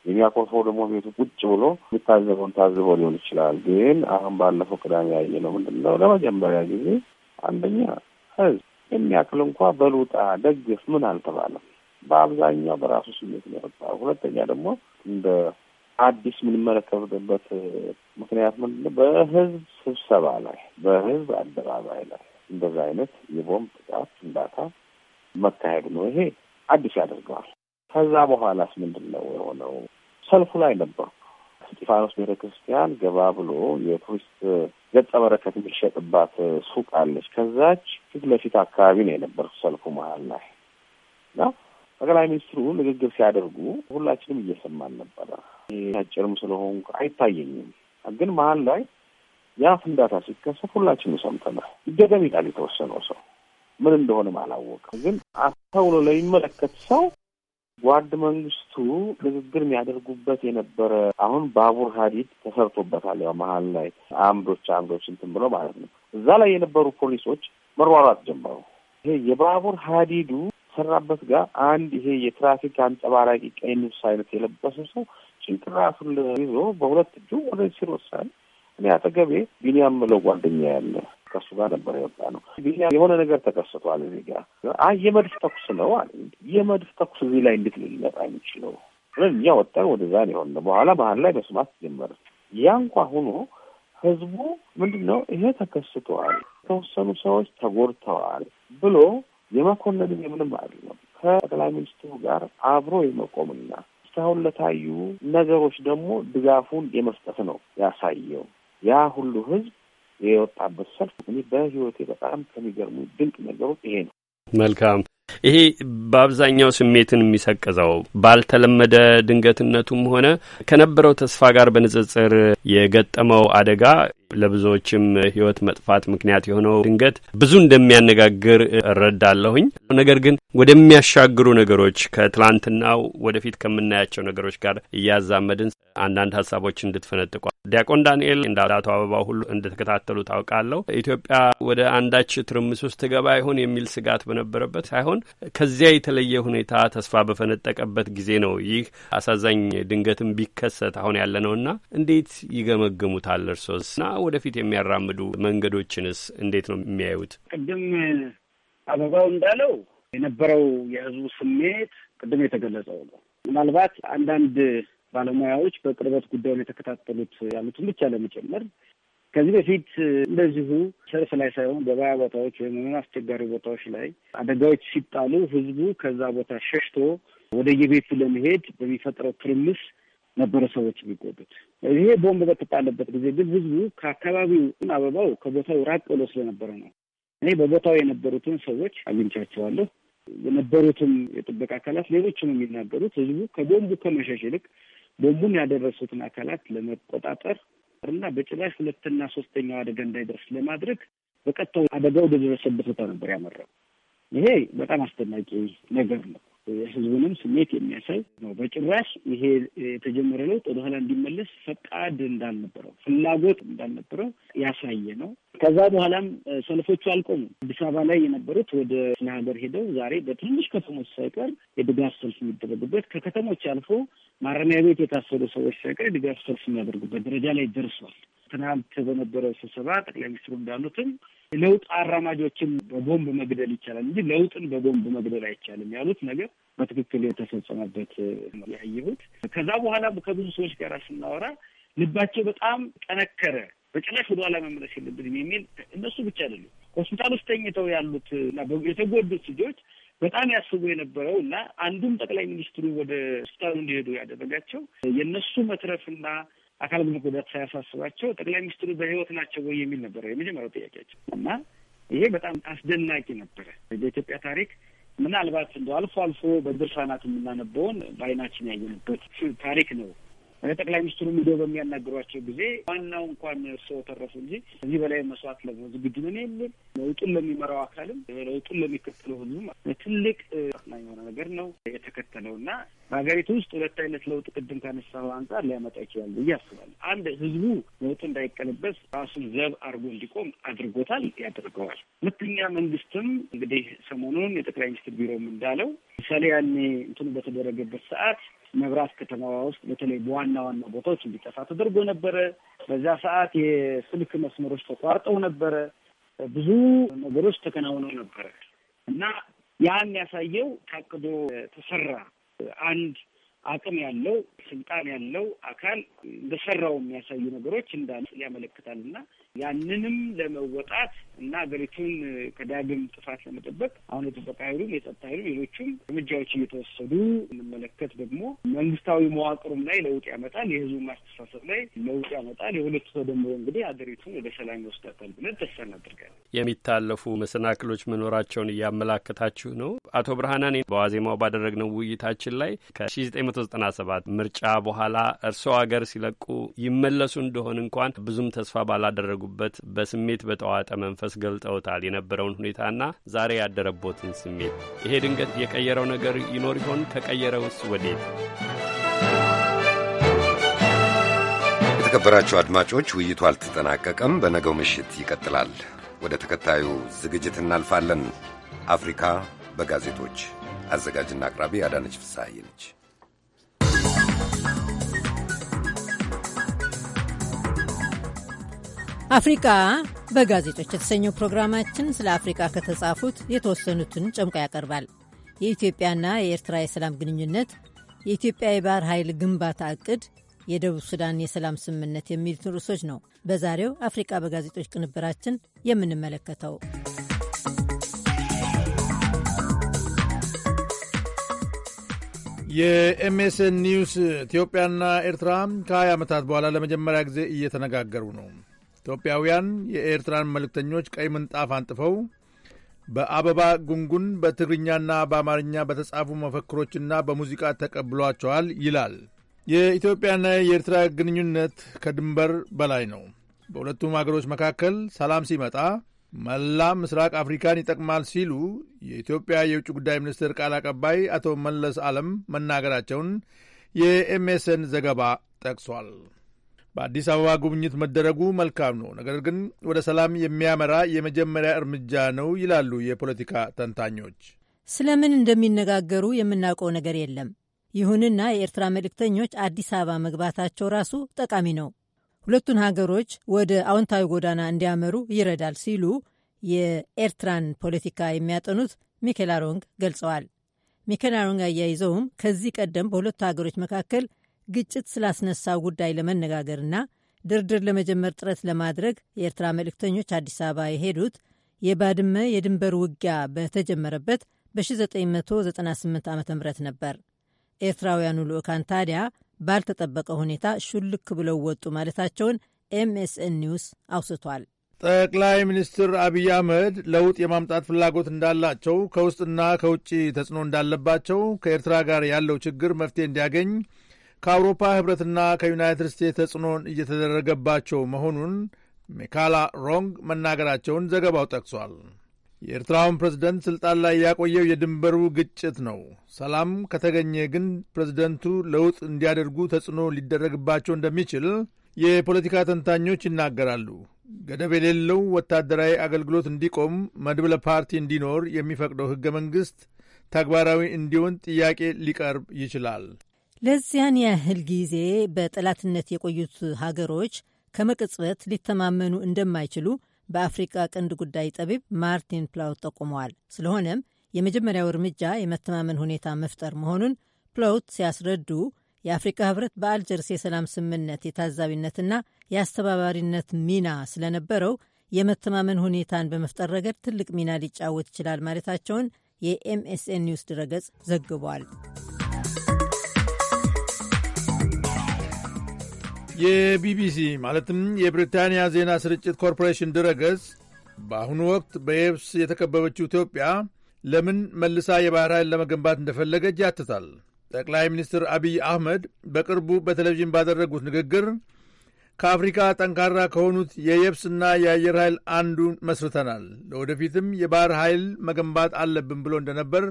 የሚያኮርፈው ደግሞ ቤቱ ቁጭ ብሎ የሚታዘበውን ታዝበው ሊሆን ይችላል። ግን አሁን ባለፈው ቅዳሜ ያየ ነው ምንድን ነው ለመጀመሪያ ጊዜ አንደኛ ህዝብ የሚያክል እንኳ በሉጣ ደግፍ ምን አልተባለም። በአብዛኛው በራሱ ስሜት ነው ሁለተኛ ደግሞ እንደ አዲስ የምንመለከትበት ምክንያት ምንድነው? በህዝብ ስብሰባ ላይ በህዝብ አደባባይ ላይ እንደዛ አይነት የቦምብ ጥቃት ፍንዳታ መካሄዱ ነው። ይሄ አዲስ ያደርገዋል። ከዛ በኋላስ ምንድን ነው የሆነው? ሰልፉ ላይ ነበርኩ። እስጢፋኖስ ቤተ ክርስቲያን ገባ ብሎ የቱሪስት ገጸ በረከት የሚሸጥባት ሱቅ አለች። ከዛች ፊት ለፊት አካባቢ ነው የነበርኩ ሰልፉ መሀል ላይ እና ጠቅላይ ሚኒስትሩ ንግግር ሲያደርጉ ሁላችንም እየሰማን ነበረ። አጭርም ስለሆንኩ አይታየኝም፣ ግን መሀል ላይ ያ ፍንዳታ ሲከሰት ሁላችንም ሰምተናል። ይደገም የተወሰነው ሰው ምን እንደሆነም አላወቅም፣ ግን አስተውሎ ለሚመለከት ሰው ጓድ መንግስቱ ንግግር የሚያደርጉበት የነበረ አሁን ባቡር ሀዲድ ተሰርቶበታል። ያው መሀል ላይ አምዶች አምዶች እንትን ብሎ ማለት ነው። እዛ ላይ የነበሩ ፖሊሶች መሯሯጥ ጀመሩ። ይሄ የባቡር ሀዲዱ ከተሰራበት ጋር አንድ ይሄ የትራፊክ አንጸባራቂ ቀይ ልብስ አይነት የለበሱ ሰው ጭንቅላቱን ይዞ በሁለት እጁ ወደ ሲር ሲሮሳል። እኔ አጠገቤ ቢኒያም ምለው ጓደኛ ያለ ከሱ ጋር ነበር የወጣ ነው። ቢኒያም የሆነ ነገር ተከሰቷል እዚህ ጋር አይ የመድፍ ተኩስ ነው አለ። የመድፍ ተኩስ እዚህ ላይ እንዴት ሊመጣ የሚችለው? እኛ ወጣን ወደዛ ነው። በኋላ መሀል ላይ መስማት ጀመር። ያ እንኳ ሆኖ ህዝቡ ምንድን ነው ይሄ ተከስተዋል፣ የተወሰኑ ሰዎች ተጎድተዋል ብሎ የመኮንንም የምንም አይደለም። ከጠቅላይ ሚኒስትሩ ጋር አብሮ የመቆምና እስካሁን ለታዩ ነገሮች ደግሞ ድጋፉን የመስጠት ነው ያሳየው። ያ ሁሉ ህዝብ የወጣበት ሰልፍ እኔ በህይወቴ በጣም ከሚገርሙ ድንቅ ነገሮች ይሄ ነው። መልካም። ይሄ በአብዛኛው ስሜትን የሚሰቅዘው ባልተለመደ ድንገትነቱም ሆነ ከነበረው ተስፋ ጋር በንጽጽር የገጠመው አደጋ ለብዙዎችም ሕይወት መጥፋት ምክንያት የሆነው ድንገት ብዙ እንደሚያነጋግር እረዳለሁኝ። ነገር ግን ወደሚያሻግሩ ነገሮች ከትላንትናው ወደፊት ከምናያቸው ነገሮች ጋር እያዛመድን አንዳንድ ሀሳቦች እንድትፈነጥቋል ዲያቆን ዳንኤል እንደ አቶ አበባ ሁሉ እንደተከታተሉ ታውቃለሁ። ኢትዮጵያ ወደ አንዳች ትርምስ ውስጥ ትገባ ይሆን የሚል ስጋት በነበረበት ሳይሆን ከዚያ የተለየ ሁኔታ ተስፋ በፈነጠቀበት ጊዜ ነው ይህ አሳዛኝ ድንገትም ቢከሰት አሁን ያለ ነውና እንዴት ይገመግሙታል እርሶስ? እና ወደፊት የሚያራምዱ መንገዶችንስ እንዴት ነው የሚያዩት? ቅድም አበባው እንዳለው የነበረው የህዝቡ ስሜት ቅድም የተገለጸው ነው። ምናልባት አንዳንድ ባለሙያዎች በቅርበት ጉዳዩን የተከታተሉት ያሉትን ብቻ ለመጨመር ከዚህ በፊት እንደዚሁ ሰልፍ ላይ ሳይሆን ገበያ ቦታዎች ወይም አስቸጋሪ ቦታዎች ላይ አደጋዎች ሲጣሉ ህዝቡ ከዛ ቦታ ሸሽቶ ወደ የቤቱ ለመሄድ በሚፈጥረው ትርምስ ነበረ ሰዎች የሚጎዱት። ይሄ ቦምብ በተጣለበት ጊዜ ግን ህዝቡ ከአካባቢው አበባው ከቦታው ራቅ ብሎ ስለነበረ ነው። እኔ በቦታው የነበሩትን ሰዎች አግኝቻቸዋለሁ። የነበሩትም የጥበቃ አካላት ሌሎችም የሚናገሩት ህዝቡ ከቦምቡ ከመሸሽ ይልቅ ቦምቡን ያደረሱትን አካላት ለመቆጣጠር እና በጭራሽ ሁለትና ሶስተኛው አደጋ እንዳይደርስ ለማድረግ በቀጥታው አደጋው ወደደረሰበት ቦታ ነበር ያመራው። ይሄ በጣም አስደናቂ ነገር ነው። የህዝቡንም ስሜት የሚያሳይ ነው። በጭራሽ ይሄ የተጀመረ ለውጥ ወደኋላ እንዲመለስ ፈቃድ እንዳልነበረው፣ ፍላጎት እንዳልነበረው ያሳየ ነው። ከዛ በኋላም ሰልፎቹ አልቆሙም። አዲስ አበባ ላይ የነበሩት ወደ ስነ ሀገር ሄደው ዛሬ በትንሽ ከተሞች ሳይቀር የድጋፍ ሰልፍ የሚደረጉበት ከከተሞች አልፎ ማረሚያ ቤት የታሰሩ ሰዎች ሳይቀር የድጋፍ ሰልፍ የሚያደርጉበት ደረጃ ላይ ደርሷል። ትናንት በነበረው ስብሰባ ጠቅላይ ሚኒስትሩ እንዳሉትም ለውጥ አራማጆችን በቦምብ መግደል ይቻላል እንጂ ለውጥን በቦምብ መግደል አይቻልም ያሉት ነገር በትክክል የተፈጸመበት ያየሁት። ከዛ በኋላ ከብዙ ሰዎች ጋር ስናወራ ልባቸው በጣም ጠነከረ። በጭራሽ ወደኋላ መመለስ የለብንም የሚል እነሱ ብቻ አይደሉም። ሆስፒታል ውስጥ ተኝተው ያሉት እና የተጎዱት ልጆች በጣም ያስቡ የነበረው እና አንዱም ጠቅላይ ሚኒስትሩ ወደ ሆስፒታሉ እንዲሄዱ ያደረጋቸው የእነሱ መትረፍና አካል ጉዳት ሳያሳስባቸው ጠቅላይ ሚኒስትሩ በህይወት ናቸው ወይ የሚል ነበረ የመጀመሪያው ጥያቄያቸው እና ይሄ በጣም አስደናቂ ነበረ። በኢትዮጵያ ታሪክ ምናልባት እንደ አልፎ አልፎ በድርሳናት የምናነበውን በአይናችን ያየንበት ታሪክ ነው ጠቅላይ ሚኒስትሩ ሂደው በሚያናግሯቸው ጊዜ ዋናው እንኳን ሰው ተረፉ እንጂ እዚህ በላይ መስዋዕት ለመ ዝግጁ ነን የሚል ለውጡን ለሚመራው አካልም ለውጡን ለሚከተለው ሁሉም ትልቅ የሆነ ነገር ነው የተከተለው እና በሀገሪቱ ውስጥ ሁለት አይነት ለውጥ ቅድም ካነሳው አንጻር ሊያመጣ ይችላል ብዬ አስባለሁ። አንድ ህዝቡ ለውጥ እንዳይቀለበስ ራሱን ዘብ አድርጎ እንዲቆም አድርጎታል፣ ያደርገዋል። ሁለተኛ መንግስትም እንግዲህ ሰሞኑን የጠቅላይ ሚኒስትር ቢሮም እንዳለው ምሳሌ ያኔ እንትኑ በተደረገበት ሰዓት መብራት ከተማዋ ውስጥ በተለይ በዋና ዋና ቦታዎች እንዲጠፋ ተደርጎ ነበረ። በዛ ሰዓት የስልክ መስመሮች ተቋርጠው ነበረ። ብዙ ነገሮች ተከናውነው ነበረ እና ያን ያሳየው ታቅዶ ተሰራ አንድ አቅም ያለው ስልጣን ያለው አካል እንደሰራው የሚያሳዩ ነገሮች እንዳ ያመለክታል እና ያንንም ለመወጣት እና ሀገሪቱን ከዳግም ጥፋት ለመጠበቅ አሁን የጥበቃ ኃይሉም የጸጥታ ኃይሉ ሌሎችም እርምጃዎች እየተወሰዱ እንመለከት ደግሞ መንግስታዊ መዋቅሩም ላይ ለውጥ ያመጣል፣ የህዝቡ ማስተሳሰብ ላይ ለውጥ ያመጣል። የሁለቱ ተደምሮ እንግዲህ ሀገሪቱን ወደ ሰላም ይወስዳታል ብለን ተስፋ እናደርጋለን። የሚታለፉ መሰናክሎች መኖራቸውን እያመላከታችሁ ነው። አቶ ብርሃናን በዋዜማው ባደረግነው ውይይታችን ላይ ከ ዘጠኝ 1997 ምርጫ በኋላ እርስዎ አገር ሲለቁ ይመለሱ እንደሆን እንኳን ብዙም ተስፋ ባላደረጉበት በስሜት በተዋጠ መንፈስ ገልጠውታል የነበረውን ሁኔታና ዛሬ ያደረቦትን ስሜት። ይሄ ድንገት የቀየረው ነገር ይኖር ይሆን? ከቀየረውስ ወዴት? የተከበራቸው አድማጮች ውይይቱ አልተጠናቀቀም፣ በነገው ምሽት ይቀጥላል። ወደ ተከታዩ ዝግጅት እናልፋለን። አፍሪካ በጋዜጦች አዘጋጅና አቅራቢ አዳነች ፍስሐዬ ነች። አፍሪካ በጋዜጦች የተሰኘው ፕሮግራማችን ስለ አፍሪካ ከተጻፉት የተወሰኑትን ጨምቆ ያቀርባል። የኢትዮጵያና የኤርትራ የሰላም ግንኙነት፣ የኢትዮጵያ የባህር ኃይል ግንባታ እቅድ፣ የደቡብ ሱዳን የሰላም ስምምነት የሚሉትን ርዕሶች ነው በዛሬው አፍሪቃ በጋዜጦች ቅንብራችን የምንመለከተው። የኤምኤስኤን ኒውስ ኢትዮጵያና ኤርትራ ከ20 ዓመታት በኋላ ለመጀመሪያ ጊዜ እየተነጋገሩ ነው። ኢትዮጵያውያን የኤርትራን መልእክተኞች ቀይ ምንጣፍ አንጥፈው በአበባ ጉንጉን በትግርኛና በአማርኛ በተጻፉ መፈክሮችና በሙዚቃ ተቀብሏቸዋል ይላል። የኢትዮጵያና የኤርትራ ግንኙነት ከድንበር በላይ ነው። በሁለቱም አገሮች መካከል ሰላም ሲመጣ መላ ምስራቅ አፍሪካን ይጠቅማል ሲሉ የኢትዮጵያ የውጭ ጉዳይ ሚኒስትር ቃል አቀባይ አቶ መለስ አለም መናገራቸውን የኤምኤስን ዘገባ ጠቅሷል። በአዲስ አበባ ጉብኝት መደረጉ መልካም ነው፣ ነገር ግን ወደ ሰላም የሚያመራ የመጀመሪያ እርምጃ ነው ይላሉ የፖለቲካ ተንታኞች። ስለምን እንደሚነጋገሩ የምናውቀው ነገር የለም። ይሁንና የኤርትራ መልእክተኞች አዲስ አበባ መግባታቸው ራሱ ጠቃሚ ነው፣ ሁለቱን ሀገሮች ወደ አዎንታዊ ጎዳና እንዲያመሩ ይረዳል ሲሉ የኤርትራን ፖለቲካ የሚያጠኑት ሚኬል አሮንግ ገልጸዋል። ሚኬል አሮንግ አያይዘውም ከዚህ ቀደም በሁለቱ ሀገሮች መካከል ግጭት ስላስነሳው ጉዳይ ለመነጋገርና ድርድር ለመጀመር ጥረት ለማድረግ የኤርትራ መልእክተኞች አዲስ አበባ የሄዱት የባድመ የድንበር ውጊያ በተጀመረበት በ1998 ዓ ም ነበር። ኤርትራውያኑ ልዑካን ታዲያ ባልተጠበቀ ሁኔታ ሹልክ ብለው ወጡ ማለታቸውን ኤምኤስኤን ኒውስ አውስቷል። ጠቅላይ ሚኒስትር አብይ አህመድ ለውጥ የማምጣት ፍላጎት እንዳላቸው ከውስጥና ከውጭ ተጽዕኖ እንዳለባቸው ከኤርትራ ጋር ያለው ችግር መፍትሄ እንዲያገኝ ከአውሮፓ ህብረትና ከዩናይትድ ስቴትስ ተጽዕኖን እየተደረገባቸው መሆኑን ሚካላ ሮንግ መናገራቸውን ዘገባው ጠቅሷል። የኤርትራውን ፕሬዝደንት ስልጣን ላይ ያቆየው የድንበሩ ግጭት ነው። ሰላም ከተገኘ ግን ፕሬዝደንቱ ለውጥ እንዲያደርጉ ተጽዕኖ ሊደረግባቸው እንደሚችል የፖለቲካ ተንታኞች ይናገራሉ። ገደብ የሌለው ወታደራዊ አገልግሎት እንዲቆም፣ መድብለ ፓርቲ እንዲኖር የሚፈቅደው ህገ መንግሥት ተግባራዊ እንዲሆን ጥያቄ ሊቀርብ ይችላል። ለዚያን ያህል ጊዜ በጠላትነት የቆዩት ሀገሮች ከመቅጽበት ሊተማመኑ እንደማይችሉ በአፍሪቃ ቀንድ ጉዳይ ጠቢብ ማርቲን ፕላውት ጠቁመዋል። ስለሆነም የመጀመሪያው እርምጃ የመተማመን ሁኔታ መፍጠር መሆኑን ፕላውት ሲያስረዱ የአፍሪካ ህብረት በአልጀርስ የሰላም ስምምነት የታዛቢነትና የአስተባባሪነት ሚና ስለነበረው የመተማመን ሁኔታን በመፍጠር ረገድ ትልቅ ሚና ሊጫወት ይችላል ማለታቸውን የኤምኤስኤን ኒውስ ድረገጽ ዘግቧል። የቢቢሲ ማለትም የብሪታንያ ዜና ስርጭት ኮርፖሬሽን ድረገጽ በአሁኑ ወቅት በየብስ የተከበበችው ኢትዮጵያ ለምን መልሳ የባሕር ኃይል ለመገንባት እንደፈለገች ያትታል። ጠቅላይ ሚኒስትር አብይ አህመድ በቅርቡ በቴሌቪዥን ባደረጉት ንግግር ከአፍሪካ ጠንካራ ከሆኑት የየብስና የአየር ኃይል አንዱ መስርተናል፣ ለወደፊትም የባሕር ኃይል መገንባት አለብን ብሎ እንደነበር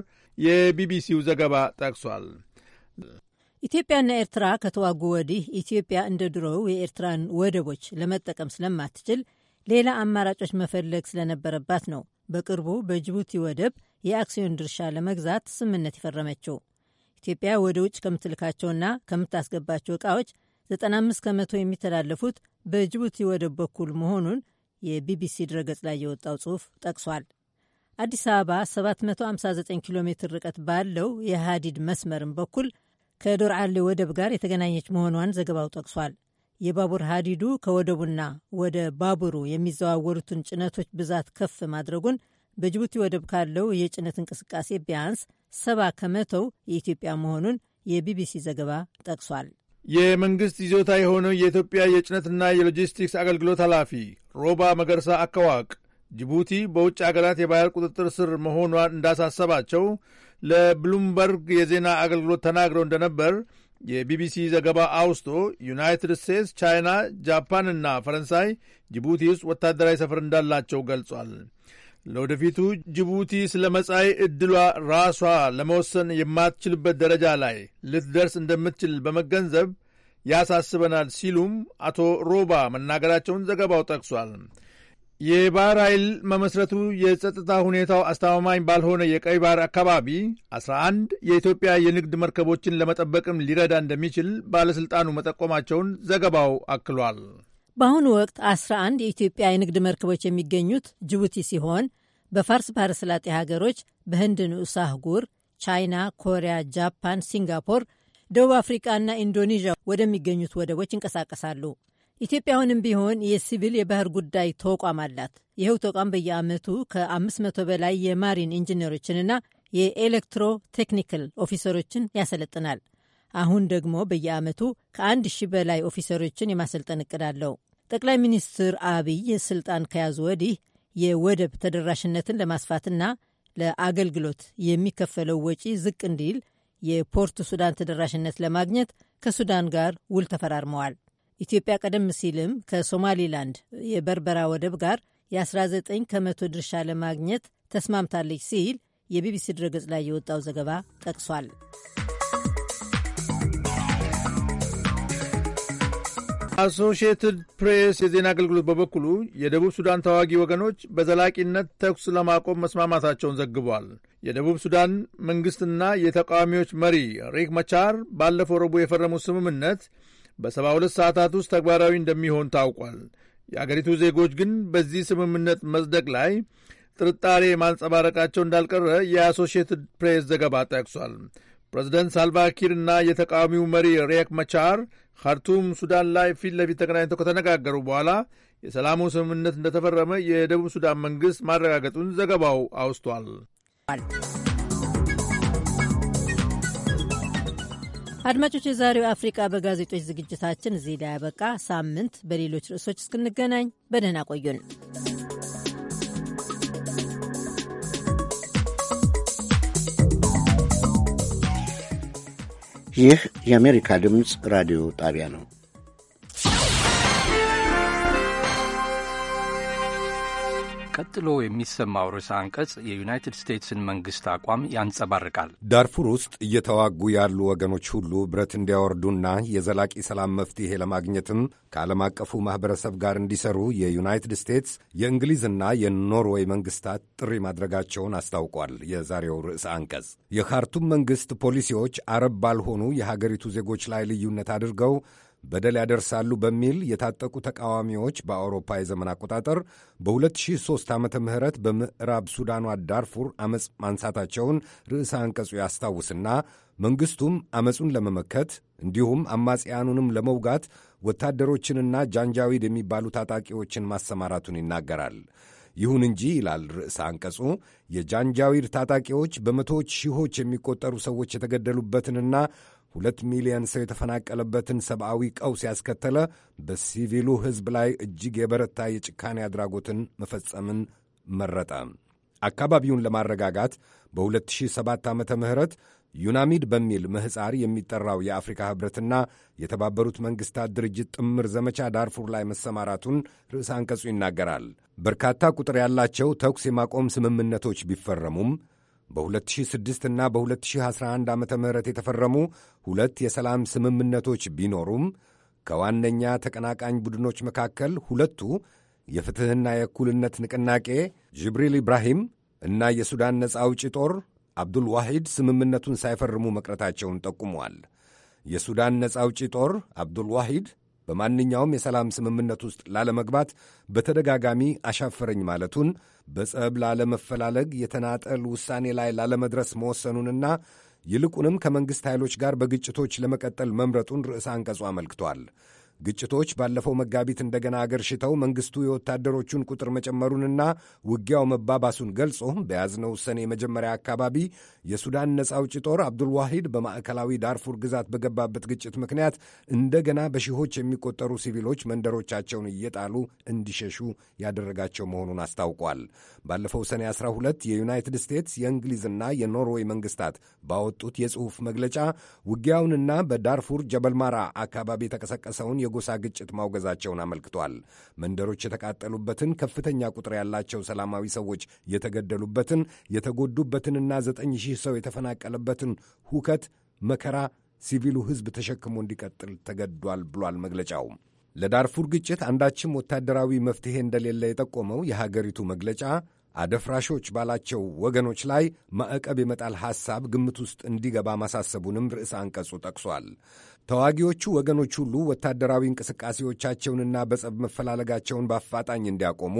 የቢቢሲው ዘገባ ጠቅሷል። ኢትዮጵያና ኤርትራ ከተዋጉ ወዲህ ኢትዮጵያ እንደ ድሮው የኤርትራን ወደቦች ለመጠቀም ስለማትችል ሌላ አማራጮች መፈለግ ስለነበረባት ነው በቅርቡ በጅቡቲ ወደብ የአክሲዮን ድርሻ ለመግዛት ስምምነት የፈረመችው። ኢትዮጵያ ወደ ውጭ ከምትልካቸውና ከምታስገባቸው ዕቃዎች 95 ከመቶ የሚተላለፉት በጅቡቲ ወደብ በኩል መሆኑን የቢቢሲ ድረገጽ ላይ የወጣው ጽሑፍ ጠቅሷል። አዲስ አበባ 759 ኪሎ ሜትር ርቀት ባለው የሃዲድ መስመርም በኩል ከዶር አሌ ወደብ ጋር የተገናኘች መሆኗን ዘገባው ጠቅሷል። የባቡር ሀዲዱ ከወደቡና ወደ ባቡሩ የሚዘዋወሩትን ጭነቶች ብዛት ከፍ ማድረጉን በጅቡቲ ወደብ ካለው የጭነት እንቅስቃሴ ቢያንስ ሰባ ከመቶው የኢትዮጵያ መሆኑን የቢቢሲ ዘገባ ጠቅሷል። የመንግሥት ይዞታ የሆነው የኢትዮጵያ የጭነትና የሎጂስቲክስ አገልግሎት ኃላፊ ሮባ መገርሳ አከዋቅ ጅቡቲ በውጭ አገራት የባህር ቁጥጥር ስር መሆኗን እንዳሳሰባቸው ለብሉምበርግ የዜና አገልግሎት ተናግረው እንደነበር የቢቢሲ ዘገባ አውስቶ ዩናይትድ ስቴትስ፣ ቻይና፣ ጃፓንና ፈረንሳይ ጅቡቲ ውስጥ ወታደራዊ ሰፈር እንዳላቸው ገልጿል። ለወደፊቱ ጅቡቲ ስለ መጻኢ ዕድሏ ራሷ ለመወሰን የማትችልበት ደረጃ ላይ ልትደርስ እንደምትችል በመገንዘብ ያሳስበናል ሲሉም አቶ ሮባ መናገራቸውን ዘገባው ጠቅሷል። የባህር ኃይል መመስረቱ የጸጥታ ሁኔታው አስተማማኝ ባልሆነ የቀይ ባህር አካባቢ 11 የኢትዮጵያ የንግድ መርከቦችን ለመጠበቅም ሊረዳ እንደሚችል ባለሥልጣኑ መጠቆማቸውን ዘገባው አክሏል። በአሁኑ ወቅት 11 የኢትዮጵያ የንግድ መርከቦች የሚገኙት ጅቡቲ ሲሆን በፋርስ ባህረ ሰላጤ ሀገሮች፣ በህንድ ንዑስ አህጉር፣ ቻይና፣ ኮሪያ፣ ጃፓን፣ ሲንጋፖር፣ ደቡብ አፍሪቃና ኢንዶኔዥያ ወደሚገኙት ወደቦች ይንቀሳቀሳሉ። ኢትዮጵያውንም ቢሆን የሲቪል የባህር ጉዳይ ተቋም አላት። ይኸው ተቋም በየዓመቱ ከ500 በላይ የማሪን ኢንጂነሮችንና የኤሌክትሮ ቴክኒካል ኦፊሰሮችን ያሰለጥናል። አሁን ደግሞ በየዓመቱ ከአንድ ሺህ በላይ ኦፊሰሮችን የማሰልጠን እቅድ አለው። ጠቅላይ ሚኒስትር አብይ ስልጣን ከያዙ ወዲህ የወደብ ተደራሽነትን ለማስፋትና ለአገልግሎት የሚከፈለው ወጪ ዝቅ እንዲል የፖርቱ ሱዳን ተደራሽነት ለማግኘት ከሱዳን ጋር ውል ተፈራርመዋል። ኢትዮጵያ ቀደም ሲልም ከሶማሊላንድ የበርበራ ወደብ ጋር የ19 ከመቶ ድርሻ ለማግኘት ተስማምታለች ሲል የቢቢሲ ድረገጽ ላይ የወጣው ዘገባ ጠቅሷል። አሶሺየትድ ፕሬስ የዜና አገልግሎት በበኩሉ የደቡብ ሱዳን ተዋጊ ወገኖች በዘላቂነት ተኩስ ለማቆም መስማማታቸውን ዘግቧል። የደቡብ ሱዳን መንግሥትና የተቃዋሚዎች መሪ ሪክ መቻር ባለፈው ረቡዕ የፈረሙት ስምምነት በ72 ሰዓታት ውስጥ ተግባራዊ እንደሚሆን ታውቋል። የአገሪቱ ዜጎች ግን በዚህ ስምምነት መጽደቅ ላይ ጥርጣሬ ማንጸባረቃቸው እንዳልቀረ የአሶሺየትድ ፕሬስ ዘገባ ጠቅሷል። ፕሬዚደንት ሳልቫኪር እና የተቃዋሚው መሪ ሪየክ መቻር ካርቱም ሱዳን ላይ ፊት ለፊት ተገናኝተው ከተነጋገሩ በኋላ የሰላሙ ስምምነት እንደተፈረመ የደቡብ ሱዳን መንግሥት ማረጋገጡን ዘገባው አውስቷል። አድማጮች፣ የዛሬው አፍሪቃ በጋዜጦች ዝግጅታችን እዚህ ላይ ያበቃ። ሳምንት በሌሎች ርዕሶች እስክንገናኝ በደህና ቆዩን። ይህ የአሜሪካ ድምፅ ራዲዮ ጣቢያ ነው። ቀጥሎ የሚሰማው ርዕሰ አንቀጽ የዩናይትድ ስቴትስን መንግሥት አቋም ያንጸባርቃል። ዳርፉር ውስጥ እየተዋጉ ያሉ ወገኖች ሁሉ ብረት እንዲያወርዱና የዘላቂ ሰላም መፍትሔ ለማግኘትም ከዓለም አቀፉ ማኅበረሰብ ጋር እንዲሰሩ የዩናይትድ ስቴትስ የእንግሊዝና የኖርዌይ መንግሥታት ጥሪ ማድረጋቸውን አስታውቋል። የዛሬው ርዕሰ አንቀጽ የካርቱም መንግሥት ፖሊሲዎች አረብ ባልሆኑ የሀገሪቱ ዜጎች ላይ ልዩነት አድርገው በደል ያደርሳሉ በሚል የታጠቁ ተቃዋሚዎች በአውሮፓ የዘመን አቆጣጠር በ2003 ዓመተ ምህረት በምዕራብ ሱዳኗ ዳርፉር አመፅ ማንሳታቸውን ርዕሰ አንቀጹ ያስታውስና መንግሥቱም አመፁን ለመመከት እንዲሁም አማጽያኑንም ለመውጋት ወታደሮችንና ጃንጃዊድ የሚባሉ ታጣቂዎችን ማሰማራቱን ይናገራል። ይሁን እንጂ ይላል ርዕሰ አንቀጹ የጃንጃዊድ ታጣቂዎች በመቶዎች ሺዎች የሚቆጠሩ ሰዎች የተገደሉበትንና ሁለት ሚሊዮን ሰው የተፈናቀለበትን ሰብአዊ ቀውስ ያስከተለ በሲቪሉ ሕዝብ ላይ እጅግ የበረታ የጭካኔ አድራጎትን መፈጸምን መረጠ። አካባቢውን ለማረጋጋት በ2007 ዓ ምህረት ዩናሚድ በሚል ምህፃር የሚጠራው የአፍሪካ ኅብረትና የተባበሩት መንግሥታት ድርጅት ጥምር ዘመቻ ዳርፉር ላይ መሰማራቱን ርዕሰ አንቀጹ ይናገራል። በርካታ ቁጥር ያላቸው ተኩስ የማቆም ስምምነቶች ቢፈረሙም በ2006 እና በ2011 ዓ ም የተፈረሙ ሁለት የሰላም ስምምነቶች ቢኖሩም ከዋነኛ ተቀናቃኝ ቡድኖች መካከል ሁለቱ የፍትሕና የእኩልነት ንቅናቄ ጅብሪል ኢብራሂም እና የሱዳን ነፃ አውጪ ጦር አብዱል ዋሂድ ስምምነቱን ሳይፈርሙ መቅረታቸውን ጠቁመዋል። የሱዳን ነፃ አውጪ ጦር አብዱል ዋሂድ በማንኛውም የሰላም ስምምነት ውስጥ ላለመግባት በተደጋጋሚ አሻፈረኝ ማለቱን በጸብ ላለመፈላለግ የተናጠል ውሳኔ ላይ ላለመድረስ መወሰኑንና ይልቁንም ከመንግሥት ኃይሎች ጋር በግጭቶች ለመቀጠል መምረጡን ርዕሰ አንቀጹ አመልክቷል። ግጭቶች ባለፈው መጋቢት እንደገና አገር ሽተው መንግስቱ የወታደሮቹን ቁጥር መጨመሩንና ውጊያው መባባሱን ገልጾ በያዝነው ሰኔ መጀመሪያ አካባቢ የሱዳን ነጻ አውጪ ጦር አብዱልዋሂድ በማዕከላዊ ዳርፉር ግዛት በገባበት ግጭት ምክንያት እንደገና በሺዎች የሚቆጠሩ ሲቪሎች መንደሮቻቸውን እየጣሉ እንዲሸሹ ያደረጋቸው መሆኑን አስታውቋል። ባለፈው ሰኔ 12 የዩናይትድ ስቴትስ የእንግሊዝና የኖርዌይ መንግስታት ባወጡት የጽሑፍ መግለጫ ውጊያውንና በዳርፉር ጀበልማራ አካባቢ የተቀሰቀሰውን የጎሳ ግጭት ማውገዛቸውን አመልክቷል። መንደሮች የተቃጠሉበትን፣ ከፍተኛ ቁጥር ያላቸው ሰላማዊ ሰዎች የተገደሉበትን፣ የተጎዱበትንና ዘጠኝ ሺህ ሰው የተፈናቀለበትን ሁከት መከራ ሲቪሉ ሕዝብ ተሸክሞ እንዲቀጥል ተገዷል ብሏል መግለጫው። ለዳርፉር ግጭት አንዳችም ወታደራዊ መፍትሄ እንደሌለ የጠቆመው የሀገሪቱ መግለጫ አደፍራሾች ባላቸው ወገኖች ላይ ማዕቀብ የመጣል ሐሳብ ግምት ውስጥ እንዲገባ ማሳሰቡንም ርዕስ አንቀጹ ጠቅሷል። ተዋጊዎቹ ወገኖች ሁሉ ወታደራዊ እንቅስቃሴዎቻቸውንና በጸብ መፈላለጋቸውን በአፋጣኝ እንዲያቆሙ፣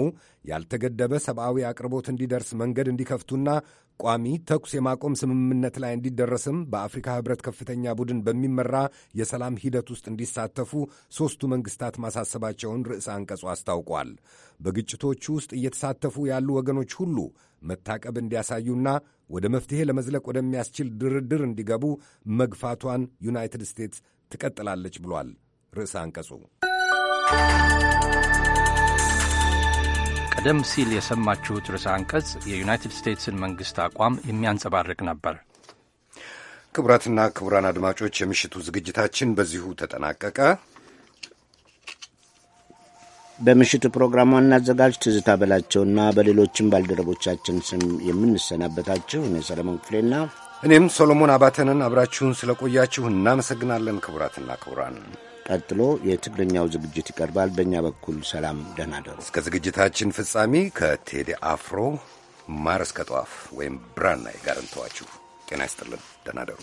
ያልተገደበ ሰብአዊ አቅርቦት እንዲደርስ መንገድ እንዲከፍቱና ቋሚ ተኩስ የማቆም ስምምነት ላይ እንዲደረስም በአፍሪካ ሕብረት ከፍተኛ ቡድን በሚመራ የሰላም ሂደት ውስጥ እንዲሳተፉ ሦስቱ መንግሥታት ማሳሰባቸውን ርዕሰ አንቀጹ አስታውቋል። በግጭቶቹ ውስጥ እየተሳተፉ ያሉ ወገኖች ሁሉ መታቀብ እንዲያሳዩና ወደ መፍትሔ ለመዝለቅ ወደሚያስችል ድርድር እንዲገቡ መግፋቷን ዩናይትድ ስቴትስ ትቀጥላለች ብሏል ርዕሰ አንቀጹ። ቀደም ሲል የሰማችሁት ርዕሰ አንቀጽ የዩናይትድ ስቴትስን መንግሥት አቋም የሚያንጸባርቅ ነበር። ክቡራትና ክቡራን አድማጮች የምሽቱ ዝግጅታችን በዚሁ ተጠናቀቀ። በምሽቱ ፕሮግራም ዋና አዘጋጅ ትዝታ በላቸውና በሌሎችም ባልደረቦቻችን ስም የምንሰናበታችሁ እኔ ሰለሞን ክፍሌና እኔም ሶሎሞን አባተንን አብራችሁን ስለቆያችሁ እናመሰግናለን። ክቡራትና ክቡራን፣ ቀጥሎ የትግርኛው ዝግጅት ይቀርባል። በእኛ በኩል ሰላም፣ ደህና ደሩ። እስከ ዝግጅታችን ፍጻሜ ከቴዲ አፍሮ ማር እስከ ጠዋፍ ወይም ብራና ጋር እንተዋችሁ። ጤና ይስጥልን፣ ደህና ደሩ።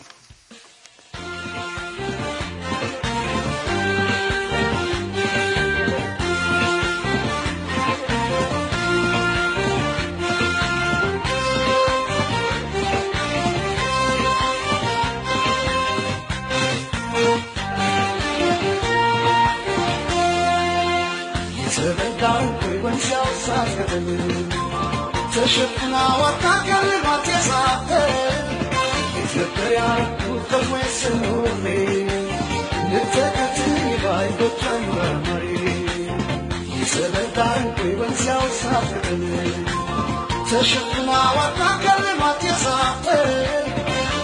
ሸክና ወጣ ቀልባት የሳተ የፍቅር ያረኩ ከሞይ ስኖሬ ልተከትኝ ባይ በጨመሪ ይዘለዳን ወይበዚያው ሳፍቅን ተሸክና ወጣ ቀልባት የሳተ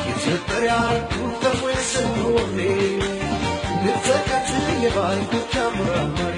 የፍቅር ያረኩ ከሞይ ስኖሬ ልተከትኝ ባይ በጨመሪ